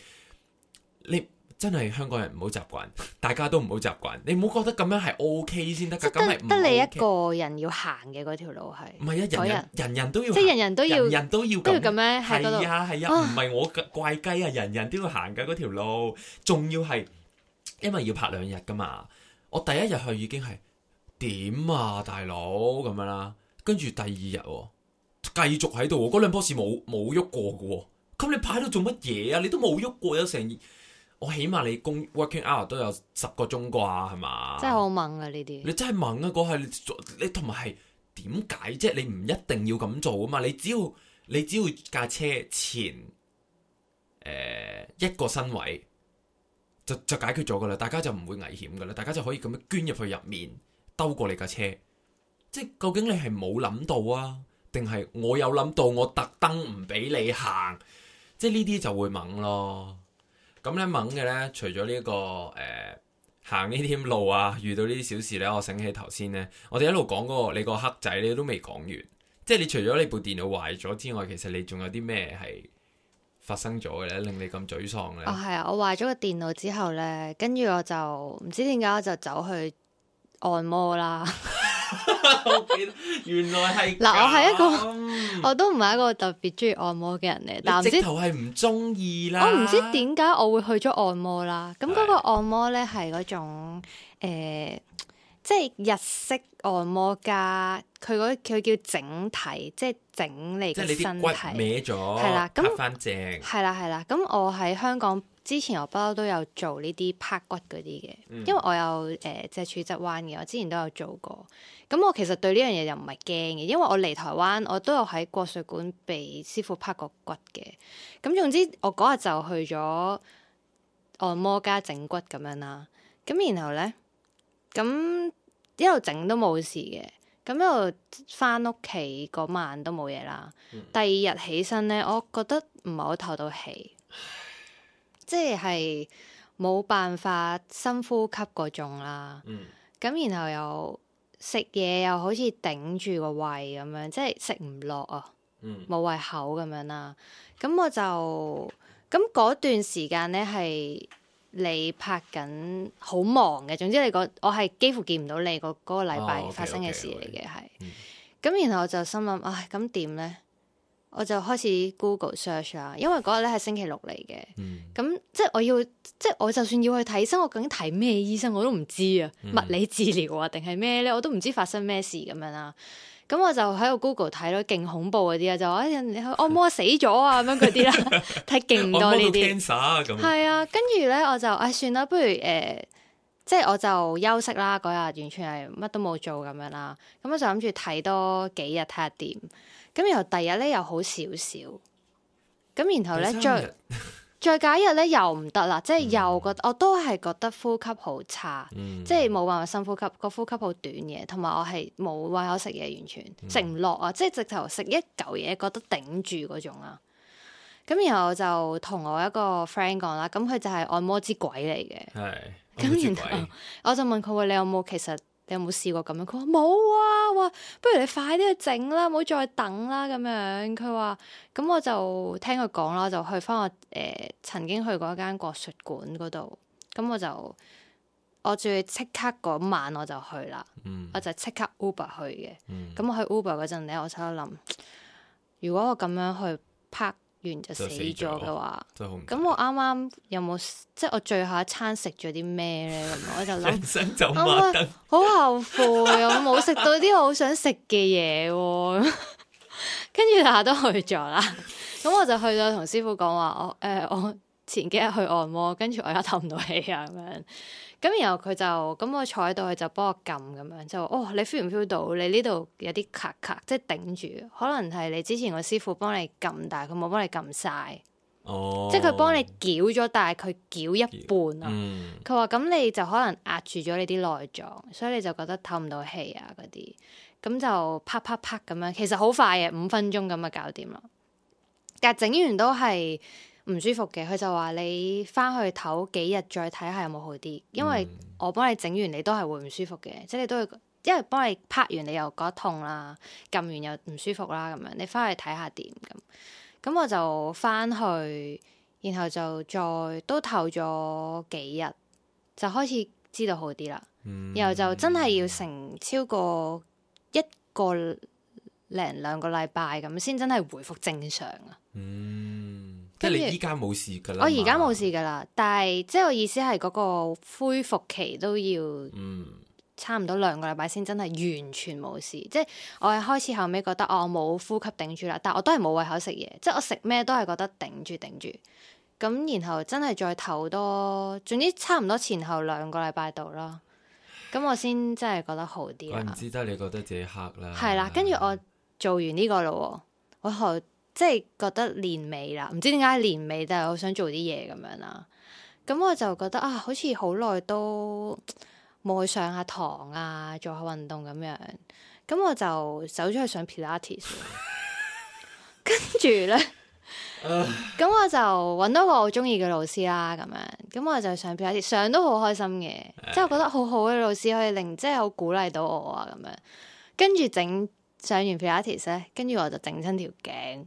你。真係香港人唔好習慣，大家都唔好習慣。你唔好覺得咁樣係 O K 先得噶咁係得你一個人要行嘅嗰條路係。唔係啊，人，人人人人都要，即係人人都要，人人都要咁樣。係啊，係啊，唔係、啊、我怪雞啊，人人都要行嘅嗰條路。仲要係，因為要拍兩日噶嘛。我第一日去已經係點啊，大佬咁樣啦、啊。跟住第二日繼、哦、續喺度，嗰兩棵樹冇冇喐過噶。咁你拍喺度做乜嘢啊？你都冇喐過，有成。我起碼你工 working hour 都有十個鐘啩，係嘛？真係好猛啊！呢啲你真係猛啊！嗰下你同埋係點解？即係你唔一定要咁做啊嘛！你只要你只要架車前誒、呃、一個身位就就解決咗噶啦，大家就唔會危險噶啦，大家就可以咁樣捐入去入面兜過你架車。即係究竟你係冇諗到啊，定係我有諗到？我特登唔俾你行，即係呢啲就會猛咯。咁咧，懵嘅咧，除咗呢個誒，行呢啲路啊，遇到呢啲小事咧，我醒起頭先咧，我哋一路講嗰個你個黑仔咧都未講完，即係你除咗你部電腦壞咗之外，其實你仲有啲咩係發生咗嘅咧，令你咁沮喪咧？哦，係啊，我壞咗個電腦之後咧，跟住我就唔知點解我就走去按摩啦。 [laughs] [laughs] 原來係嗱，我係一個我都唔係一個特別中意按摩嘅人嚟，但直頭係唔中意啦。我唔知點解我會去咗按摩啦。咁嗰個按摩咧係嗰種誒、呃，即係日式按摩加佢，佢叫整體，即係整理你嘅身體歪咗，係啦，咁翻正，係啦係啦。咁我喺香港。之前我不嬲都有做呢啲拍骨嗰啲嘅，因為我有即係、呃、脊柱側彎嘅，我之前都有做過。咁我其實對呢樣嘢又唔係驚嘅，因為我嚟台灣，我都有喺國術館被師傅拍過骨嘅。咁總之我嗰日就去咗按摩加整骨咁樣啦。咁然後咧，咁一路整都冇事嘅。咁一路翻屋企嗰晚都冇嘢啦。嗯、第二日起身咧，我覺得唔係好透到氣。即係冇辦法深呼吸嗰種啦，咁、嗯、然後又食嘢又好似頂住個胃咁樣，即係食唔落啊，冇、嗯、胃口咁樣啦、啊。咁我就咁嗰段時間咧，係你拍緊好忙嘅。總之你個我係幾乎見唔到你個嗰個禮拜發生嘅事嚟嘅，係。咁然後我就心諗，唉、哎，咁點咧？我就開始 Google search 啦，因為嗰日咧係星期六嚟嘅，咁即係我要即係我就算要去睇醫生，我究竟睇咩醫生我都唔知啊，物理治療啊定係咩咧，我都唔知發生咩事咁樣啦。咁我就喺度 Google 睇咯，勁恐怖嗰啲啊，就話你去按摩死咗啊咁樣嗰啲啦，睇勁多呢啲。係啊，跟住咧我就唉算啦，不如誒，即係我就休息啦。嗰日完全係乜都冇做咁樣啦，咁我就諗住睇多幾日睇下點。咁然後第二日咧又好少少，咁然後咧再再隔一日咧又唔得啦， [laughs] 即係又覺得我都係覺得呼吸好差， [laughs] 即係冇辦法深呼吸，個呼吸好短嘅，同埋我係冇胃口食嘢，完全食唔落啊！ [laughs] 即係直頭食一嚿嘢覺得頂住嗰種啊！咁然後就同我一個 friend 講啦，咁、嗯、佢就係按摩之鬼嚟嘅，咁、 [laughs] 嗯、然後我就問佢喂，你有冇其實？你有冇試過咁樣？佢話冇啊！哇，不如你快啲去整啦，唔好再等啦咁樣。佢話咁我就聽佢講啦，我就去翻我誒、呃、曾經去過一間國術館嗰度。咁我就我住即刻嗰晚我就去啦。我就即刻 Uber 去嘅。嗯，咁我去 Uber 嗰陣咧，我初初諗，如果我咁樣去拍完就死咗嘅話，咁我啱啱有冇即係我最後一餐食咗啲咩咧？咁我就諗 [laughs] 就剛剛好後悔，啊。 [laughs] 我冇食到啲我好想食嘅嘢。跟住大家都去咗啦，咁 [laughs] 我就去咗同師傅講話，我誒、呃、我前幾日去按摩，跟住我而家唞唔到氣啊咁樣。 [laughs] [laughs] 咁然後佢就咁我坐喺度，佢就幫我撳咁樣，就話：哦，你 feel 唔 feel 到？你呢度有啲咔咔，即係頂住，可能係你之前個師傅幫你撳，但係佢冇幫你撳晒，哦，即係佢幫你矯咗，但係佢矯一半啊。佢話、嗯：咁、嗯、你就可能壓住咗你啲內臟，所以你就覺得透唔到氣啊嗰啲。咁就啪啪啪咁樣，其實好快嘅，五分鐘咁就搞掂啦。但係整完都係。唔舒服嘅，佢就話你翻去唞幾日再睇下有冇好啲。嗯，就是，因為我幫你整完你都係會唔舒服嘅，即係你都係因為幫你拍完你又覺得痛啦，撳完又唔舒服啦咁樣，你翻去睇下點咁。咁我就翻去，然後就再都唞咗幾日，就開始知道好啲啦。嗯、然後就真係要成超過一個零兩個禮拜咁先真係回復正常啊。嗯即係你依家冇事噶啦，我而家冇事噶啦，但係即係我意思係嗰個恢復期都要，差唔多兩個禮拜先真係完全冇事。嗯、即係我係開始後尾覺得、哦、我冇呼吸頂住啦，但我都係冇胃口食嘢，即係我食咩都係覺得頂住頂住。咁然後真係再唞多，總之差唔多前後兩個禮拜度咯。咁我先真係覺得好啲啦。唔知得你覺得自己黑啦？係啦了，嗯、跟住我做完呢個咯，我學。即係覺得年尾啦，唔知點解年尾，但係我想做啲嘢，咁樣啦。咁我就覺得啊，好似好耐都冇去上下堂啊，做下運動咁樣。咁我就走咗去上 Pilates，跟住咧，咁我就搵到個我中意嘅老師啦。咁樣，咁我就上 Pilates，上都好開心嘅，即係我覺得好好嘅老師可以令即係好鼓勵到我啊。咁樣，跟住整上完 Pilates 咧，跟住我就整親條頸。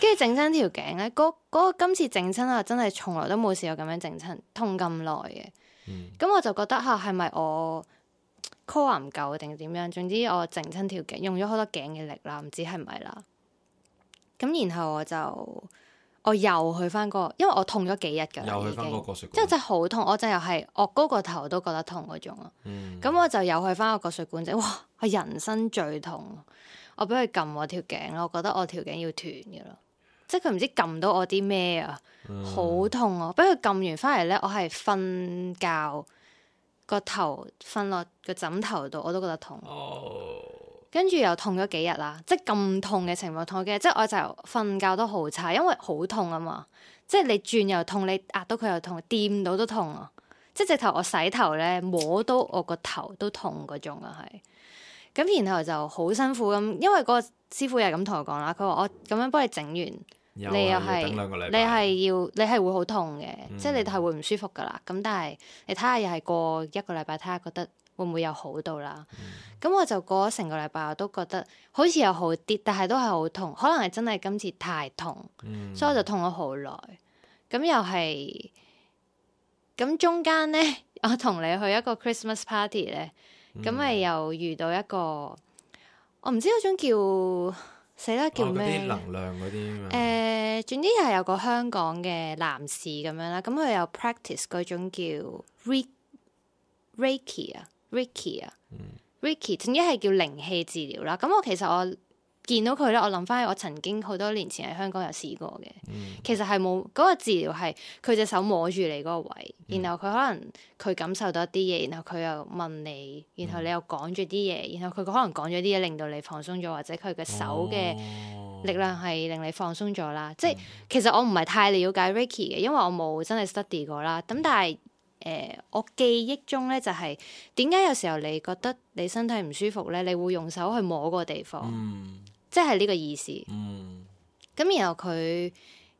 跟住整親條頸咧，嗰、那個那個今次整親啊，真係從來都冇試過咁樣整親，痛咁耐嘅。咁、嗯嗯、我就覺得吓，係、啊、咪我 call 唔夠定點樣？總之我整親條頸用咗好多頸嘅力啦，唔知係唔係啦。咁、嗯、然後我就我又去返個，因為我痛咗幾日㗎，又去返個國術館，真係好痛，我就又、是、係我高個頭都覺得痛嗰種咯。咁、嗯嗯、我就又去返個國術館，真係哇，我人生最痛。我俾佢撳我條頸咯，我覺得我條頸要斷嘅咯，即係佢唔知撳到我啲咩啊，好、嗯、痛啊！俾佢撳完翻嚟咧，我係瞓覺個頭瞓落個枕頭度，我都覺得痛。哦、跟住又痛咗幾日啦，即係咁痛嘅情況，痛咗幾日。即係我就瞓覺都好差，因為好痛啊嘛。即係你轉又痛，你壓到佢又痛，掂到都痛啊。即係直頭我洗頭咧，摸到我個頭都痛嗰種啊，係。咁然後就好辛苦咁，因為嗰個師傅又係咁同我講啦，佢話我咁樣幫你整完，有你又係你係要你係會好痛嘅，嗯、即係你係會唔舒服噶啦。咁但係你睇下又係過一個禮拜，睇下覺得會唔會有好到啦。咁、嗯、我就過咗成個禮拜，我都覺得好似又好啲，但係都係好痛，可能係真係今次太痛，嗯、所以我就痛咗好耐。咁又係咁中間呢，我同你去一個 Christmas party 呢。咁咪、嗯、又遇到一個，我唔知嗰種叫死啦叫咩？哦、能量嗰啲嘛。誒、呃，總之又係有個香港嘅男士咁樣啦，咁佢又 practice 嗰種叫 Re Reiki 啊 Reiki 啊、嗯、Reiki 總之係叫靈氣治療啦。咁我其實我，見到佢咧，我諗翻起我曾經好多年前喺香港有試過嘅，其實係冇嗰個治療，係佢隻手摸住你嗰個位，然後佢可能佢感受到一啲嘢，然後佢又問你，然後你又講住啲嘢，然後佢可能講咗啲嘢令到你放鬆咗，或者佢嘅手嘅力量係令你放鬆咗啦。哦、即係、嗯、其實我唔係太了解 Ricky 嘅，因為我冇真係 study 過啦。咁但係誒、呃，我記憶中咧就係點解有時候你覺得你身體唔舒服咧，你會用手去摸個地方。嗯即係呢個意思。嗯，咁然後佢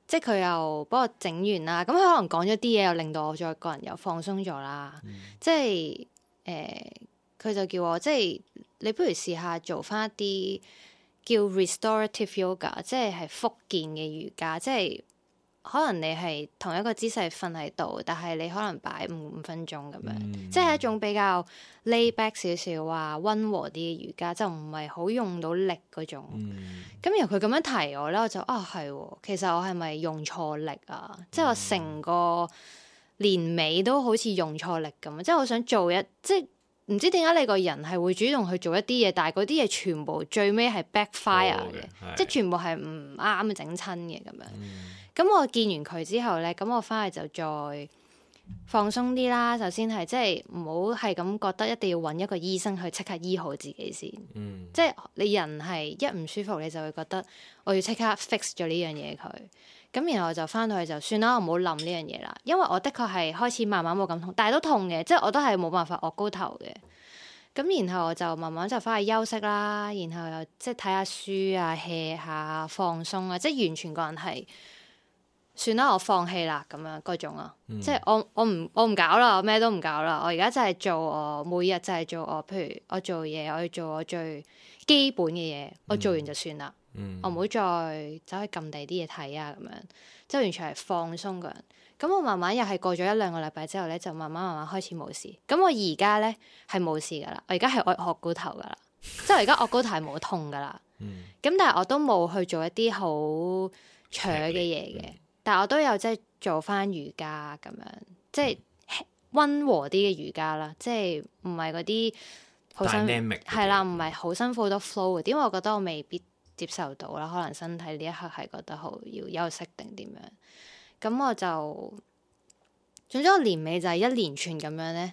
即係佢又幫我整完啦。咁佢可能講咗啲嘢，又令到我再個人又放鬆咗啦。嗯、即係誒，佢、呃、就叫我即係你不如試下做翻一啲叫 restorative yoga，即係係復健嘅瑜伽，即係。可能你係同一個姿勢瞓喺度，但係你可能擺五五分鐘咁樣，嗯、即係一種比較 lay back 少少啊，溫和啲嘅瑜伽，就唔係好用到力嗰種。咁、嗯、由佢咁樣提我咧，我就啊係、哦，其實我係咪用錯力啊？嗯、即係我成個年尾都好似用錯力咁啊！即係我想做一，即係唔知點解你個人係會主動去做一啲嘢，但係嗰啲嘢全部最尾係 backfire 嘅，哦、即係全部係唔啱整親嘅咁樣。嗯。咁我見完佢之後咧，咁我翻去就再放鬆啲啦。首先係即係唔好係咁覺得一定要揾一個醫生去即刻醫好自己先，嗯、即係你人係一唔舒服，你就會覺得我要即刻 fix 咗呢樣嘢佢。咁然後我就翻到去就算啦，我唔好諗呢樣嘢啦。因為我的確係開始慢慢冇咁痛，但係都痛嘅，即係我都係冇辦法惡高頭嘅。咁然後我就慢慢就翻去休息啦，然後又即係睇下書啊，hea 下、啊、放鬆啊，即係完全個人係。算啦，我放棄啦，咁樣嗰種咯，嗯、即係我我唔我唔搞啦，我咩都唔搞啦，我而家就係做我每日就係做我，譬如我做嘢，我要做我最基本嘅嘢，嗯、我做完就算啦，嗯、我唔好再走去撳第啲嘢睇啊咁樣，即係完全係放鬆緊。咁我慢慢又係過咗一兩個禮拜之後咧，就慢慢慢慢開始冇事。咁我而家咧係冇事噶啦，我而家係我學骨頭噶啦，即係而家我骨頭係冇痛噶啦。咁但係我都冇去做一啲好扯嘅嘢嘅。嗯嗯但我都有即係做翻瑜伽咁樣，即係溫和啲嘅瑜伽啦，即係唔係嗰啲好辛苦係啦，唔係好辛苦都 flow 嘅，因為我覺得我未必接受到啦？可能身體呢一刻係覺得好要休息定點樣？咁、嗯、我就總之我年尾就係一連串咁樣咧，誒、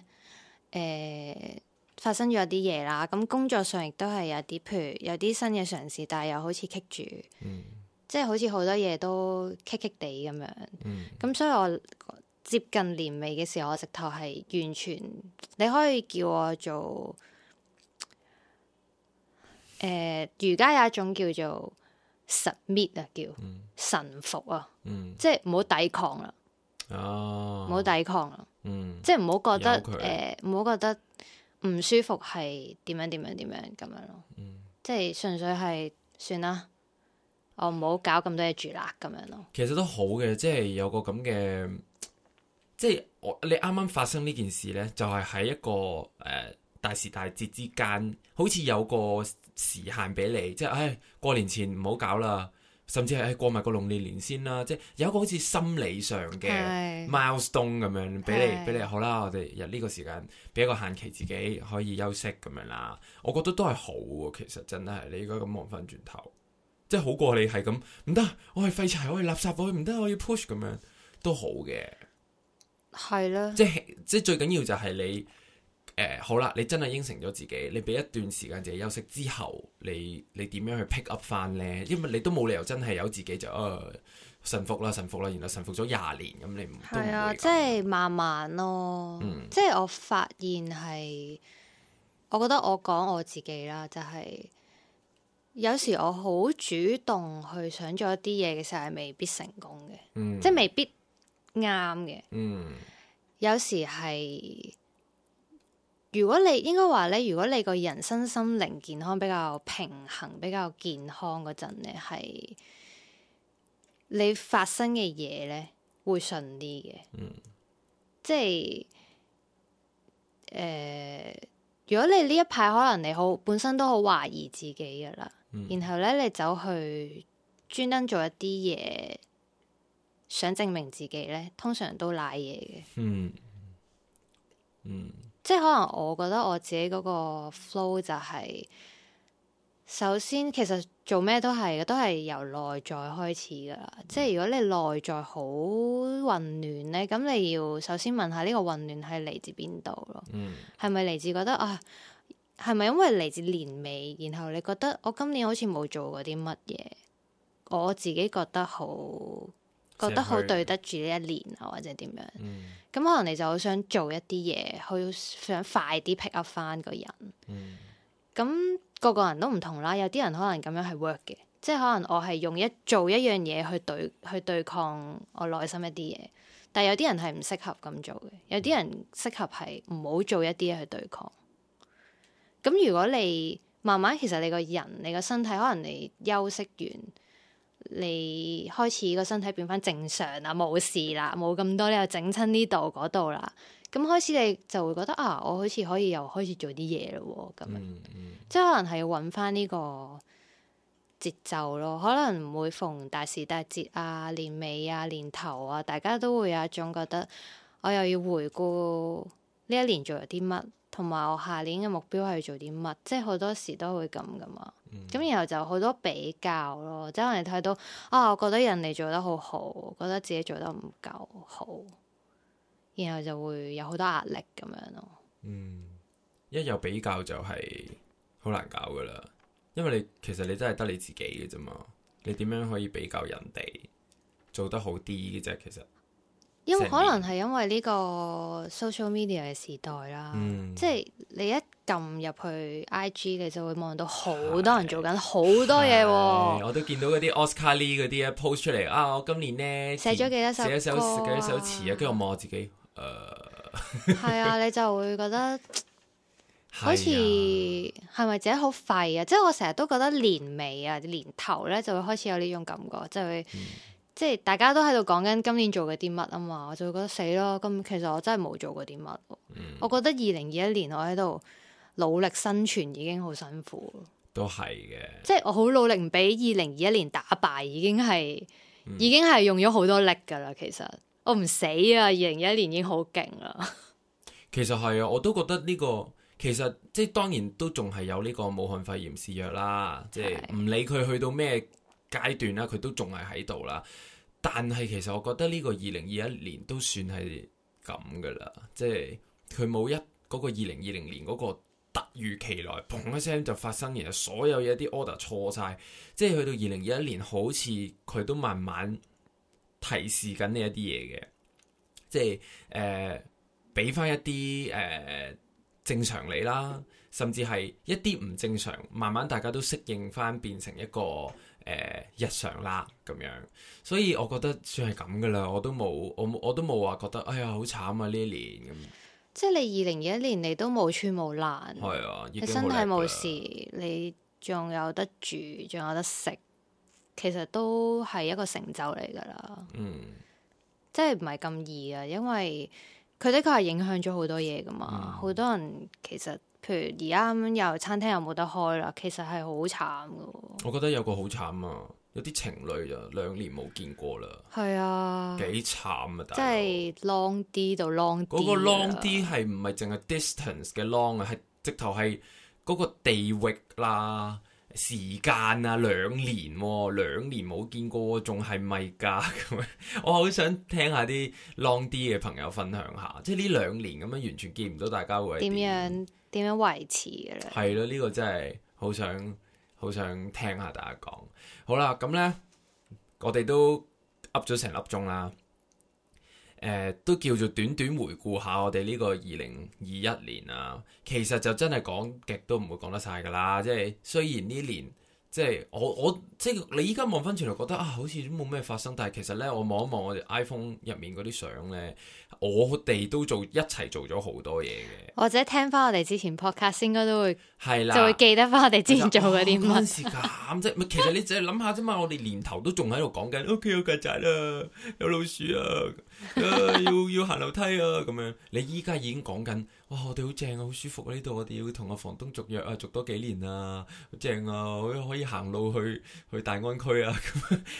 呃、發生咗啲嘢啦。咁工作上亦都係有啲，譬如有啲新嘅嘗試，但係又好似棘住。嗯即係好似好多嘢都棘棘地咁樣，咁、嗯嗯、所以我接近年尾嘅時候，我直頭係完全你可以叫我做誒、呃、瑜伽有一種叫做 submit 啊，叫臣服啊，嗯、即係唔好抵抗啦，唔好、哦、抵抗啦，嗯、即係唔好覺得誒，唔好他、呃、覺得唔舒服係點樣點樣點樣咁樣咯，嗯、即係純粹係算啦。我唔好搞咁多嘢住啦，咁樣咯。其實都好嘅，即係有個咁嘅，即係我你啱啱發生呢件事呢，就係、是、喺一個誒、呃、大時大節之間，好似有個時限俾你，即係誒、哎、過年前唔好搞啦，甚至係、哎、過埋個農曆年先啦，即係有一個好似心理上嘅是 milestone 咁樣俾你，俾是你好啦，我哋入呢個時間俾一個限期，自己可以休息咁樣啦。我覺得都係好嘅，其實真係，你應該咁望翻轉頭。即係好過你係咁唔得，我係廢柴，我係垃圾，我係唔得，我要 push 咁樣都好嘅，係啦是的。即係即係最緊要就係你誒、呃，好啦，你真係應承咗自己，你俾一段時間自己休息之後，你你點樣去 pick up 翻咧？因為你都冇理由真係有自己就啊，臣、呃、服啦，臣服啦，然後臣服咗廿年咁，你唔係啊，即係慢慢咯，嗯、即係我發現係，我覺得我講我自己啦，就係、是。有時我好主動去想做一啲嘢嘅時候係未必成功嘅，嗯、即係未必啱嘅。嗯、有時係如果你應該話咧，如果你個人身心靈健康比較平衡、比較健康嗰陣咧，係你發生嘅嘢咧會順啲嘅。嗯、即係誒、呃，如果你呢一排可能你好本身都好懷疑自己噶啦。然後咧，你走去專登做一啲嘢，想證明自己咧，通常都賴嘢嘅。嗯，嗯，即係可能我覺得我自己嗰個 flow 就係、是，首先其實做咩都係，都係由內在開始噶啦。嗯、即係如果你內在好混亂咧，咁你要首先問下呢個混亂係嚟自邊度咯？嗯，係咪嚟自覺得啊？係咪因為嚟自年尾，然後你覺得我今年好似冇做過啲乜嘢？我自己覺得好，覺得好對得住呢一年啊，或者點樣？咁、嗯、可能你就好想做一啲嘢，好想快啲 pick up 翻個人。咁、嗯、個個人都唔同啦，有啲人可能咁樣係 work 嘅，即係可能我係用一做一樣嘢去對去對抗我內心一啲嘢。但係有啲人係唔適合咁做嘅，有啲人適合係唔好做一啲嘢去對抗。咁如果你慢慢，其實你個人、你個身體可能你休息完，你開始個身體變翻正常啦，冇事啦，冇咁多你又整親呢度嗰度啦。咁開始你就會覺得啊，我好似可以又開始做啲嘢咯，咁樣，嗯嗯、即係可能係要揾翻呢個節奏咯。可能每逢大時大節啊、年尾啊、年啊、年頭啊，大家都會有一種覺得我又要回顧呢一年做咗啲乜。同埋我下年嘅目標係做啲乜，即係好多時都會咁噶嘛。咁、嗯、然後就好多比較咯，即係你睇到啊、哦，我覺得人哋做得好好，覺得自己做得唔夠好，然後就會有好多壓力咁樣咯。嗯，一有比較就係好難搞噶啦，因為你其實你真係得你自己嘅啫嘛，你點樣可以比較人哋做得好啲嘅啫？其實。因為可能係因為呢個 social media 嘅時代啦，嗯、即係你一撳入去 IG 你就會望到好多人做緊好多嘢喎、啊。我都見到嗰啲 Oscar Lee 嗰啲啊 post 出嚟啊，我今年呢，寫咗幾多、啊、首歌，寫咗首寫咗首詞啊，跟住我望我自己誒，係、呃、啊， [laughs] 你就會覺得好似係咪自己好廢啊？即係我成日都覺得年尾啊、年頭咧就會開始有呢種感覺，即、就、係、會。嗯即係大家都喺度講緊今年做嘅啲乜啊嘛，我就會覺得死咯。咁其實我真係冇做過啲乜，嗯、我覺得二零二一年我喺度努力生存已經好辛苦。都係嘅，即係我好努力唔俾二零二一年打敗，已經係已經係用咗好多力噶啦。其實、嗯、我唔死啊，二零二一年已經好勁啦。其實係啊，我都覺得呢、呢個其實即係當然都仲係有呢個武漢肺炎肆虐啦，的即係唔理佢去到咩階段啦，佢都仲係喺度啦。但係，其實我覺得呢個二零二一年都算係咁噶啦，即係佢冇一嗰、嗰個二零二零年嗰個突如其來，砰一聲就發生，然後所有嘢啲 order 錯晒，即係去到二零二一年，好似佢都慢慢提示緊呢一啲嘢嘅，即係誒俾翻一啲誒、呃、正常嚟啦，甚至係一啲唔正常，慢慢大家都適應翻，變成一個。誒、呃，日常啦，咁樣，所以我覺得算係咁噶啦，我都冇，我我都冇話覺得，哎呀，好慘啊呢一年咁。即係你二零二一年，你，年你都冇穿冇爛，係啊，你身體冇事，你仲有得住，仲有得食，其實都係一個成就嚟噶啦。嗯，即係唔係咁易啊，因為佢的確係影響咗好多嘢噶嘛，好、嗯、多人其實。譬如而家咁又餐廳又冇得開啦，其實係好慘噶。我覺得有個好慘啊，有啲情侶就兩年冇見過啦。係啊，幾慘啊！即係 long 啲到 long 啲。嗰個 long 啲係唔係淨係 distance 嘅 long 啊？係直頭係嗰個地域啦、時間啊，兩年、喔，兩年冇見過，仲係咪噶？ [laughs] 我好想聽下啲 long 啲嘅朋友分享下，即係呢兩年咁樣完全見唔到大家會點樣？點樣維持嘅咧？係咯，呢、 [noise] 嗯呢個真係好想好想聽下大家講。好啦、啊，咁、嗯、咧、嗯、我哋都噏咗成粒鐘啦，誒、呃，都叫做短短回顧下我哋呢個二零二一年啊。其實就真係講極都唔會講得晒噶啦，即係雖然呢年。即係我我即係你依家望翻轉頭覺得啊，好似都冇咩發生，但係其實咧，我望一望我哋 iPhone 入面嗰啲相咧，我哋都做一齊做咗好多嘢嘅。或者聽翻我哋之前 podcast 應該都會係啦，就會記得翻我哋之前做嗰啲乜。時間即係，其實你淨係諗下啫嘛，我哋年頭都仲喺度講緊，OK 有曱甴啦，有老鼠啊。 [laughs] 啊、要要行樓梯啊！咁樣，你依家已經講緊，哇！我哋好正啊，好舒服啊！呢度我哋要同阿房東續約啊，續多幾年啊，好正啊！可以行路去去大安區啊！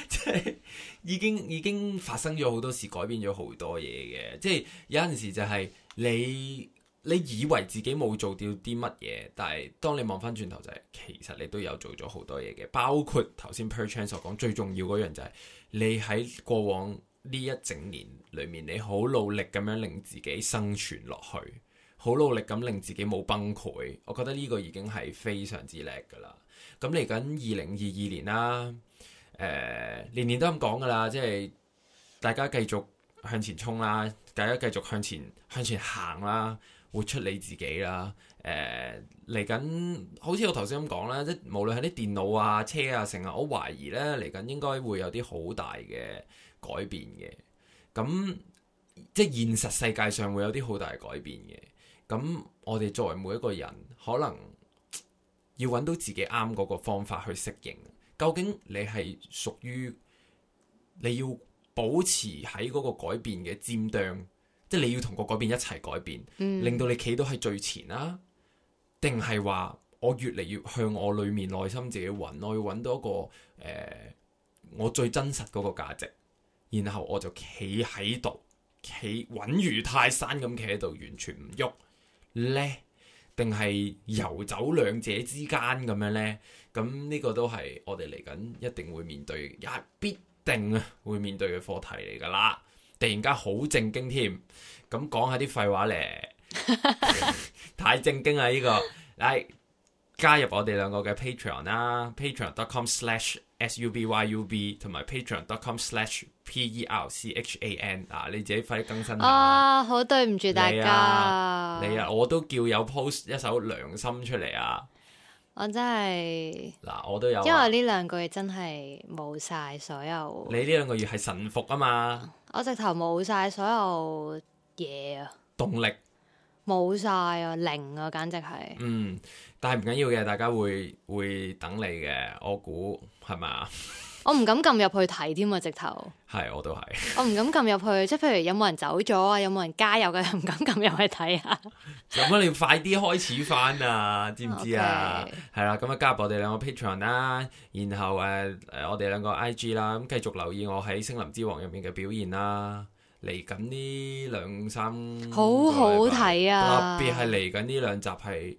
即係 [laughs] 已經已經發生咗好多事，改變咗好多嘢嘅。即、就、係、是、有陣時就係你你以為自己冇做到啲乜嘢，但係當你望翻轉頭就係、是，其實你都有做咗好多嘢嘅。包括頭先 Per 老師所講最重要嗰樣就係，你喺過往。呢一整年裏面，你好努力咁樣令自己生存落去，好努力咁令自己冇崩潰。我覺得呢個已經係非常之叻噶啦。咁嚟緊二零二二年啦，誒、呃，年年都咁講噶啦，即係大家繼續向前衝啦，大家繼續向前向前行啦，活出你自己啦。誒、呃，嚟緊好似我頭先咁講啦，即係無論係啲電腦啊、車啊，成日我懷疑咧嚟緊應該會有啲好大嘅。改變嘅，咁即係現實世界上會有啲好大嘅改變嘅。咁我哋作為每一個人，可能要揾到自己啱嗰個方法去適應。究竟你係屬於，你要保持喺嗰個改變嘅尖端，即係你要同個改變一齊改變，嗯、令到你企到喺最前啦、啊。定係話我越嚟越向我裏面內心自己揾，我要揾到一個誒、呃，我最真實嗰個價值，然後我就企喺度，企穩如泰山咁企喺度，完全唔喐咧，定係游走兩者之間咁樣咧？咁呢個都係我哋嚟緊一定會面對，也必定啊會面對嘅課題嚟噶啦。突然間好正經添，咁講下啲廢話咧， [laughs] [laughs] 太正經啊！呢個，嚟加入我哋兩個嘅 Patreon 啦 [laughs] ，patreon.com/slash。S, S U B Y U B 同埋 patreon.com/slash/perchan、e、啊，你自己快啲更新啊，好對唔住大家你、啊，你啊，我都叫有 post 一首良心出嚟啊，我真係嗱、啊，我都有，因為呢兩個月真係冇晒所有，你呢兩個月係神服啊嘛，我直頭冇晒所有嘢啊，動力冇晒啊，零啊，簡直係，嗯，但係唔緊要嘅，大家會會等你嘅，我估。係嘛、啊？我唔敢撳入去睇添啊！直頭係，我都係。我唔敢撳入去，即係譬如有冇人走咗啊？有冇人加油嘅？唔敢撳入去睇啊！咁啊， [laughs] 你要快啲開始翻啊！知唔知啊？係啦 Okay.，咁啊加入我哋兩個 Patreon 啦，然後誒誒、呃、我哋兩個 IG 啦，咁繼續留意我喺《星林之王》入面嘅表現啦。嚟緊呢兩三個禮拜好好睇啊！特別係嚟緊呢兩集係。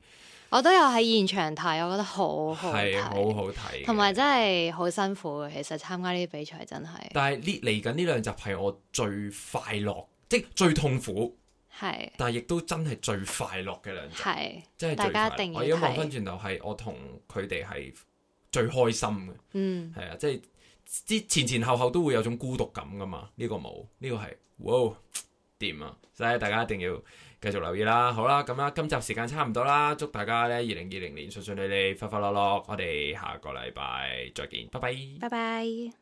我都有喺現場睇，我覺得好好睇，係好好睇，同埋真係好辛苦。其實參加呢啲比賽真係，但係呢嚟緊呢兩集係我最快樂，即係最痛苦，係，但係亦都真係最快樂嘅兩集，係，真係大家一定要。我因為翻轉頭係我同佢哋係最開心嘅，嗯，係啊，即係之前前後後都會有種孤獨感㗎嘛，呢個冇，呢個係，哇，掂啊，所以大家一定要。繼續留意啦，好啦，咁、嗯、啦，今集時間差唔多啦，祝大家咧二零二零年順順利利，快快樂樂，我哋下個禮拜再見，拜拜，拜拜。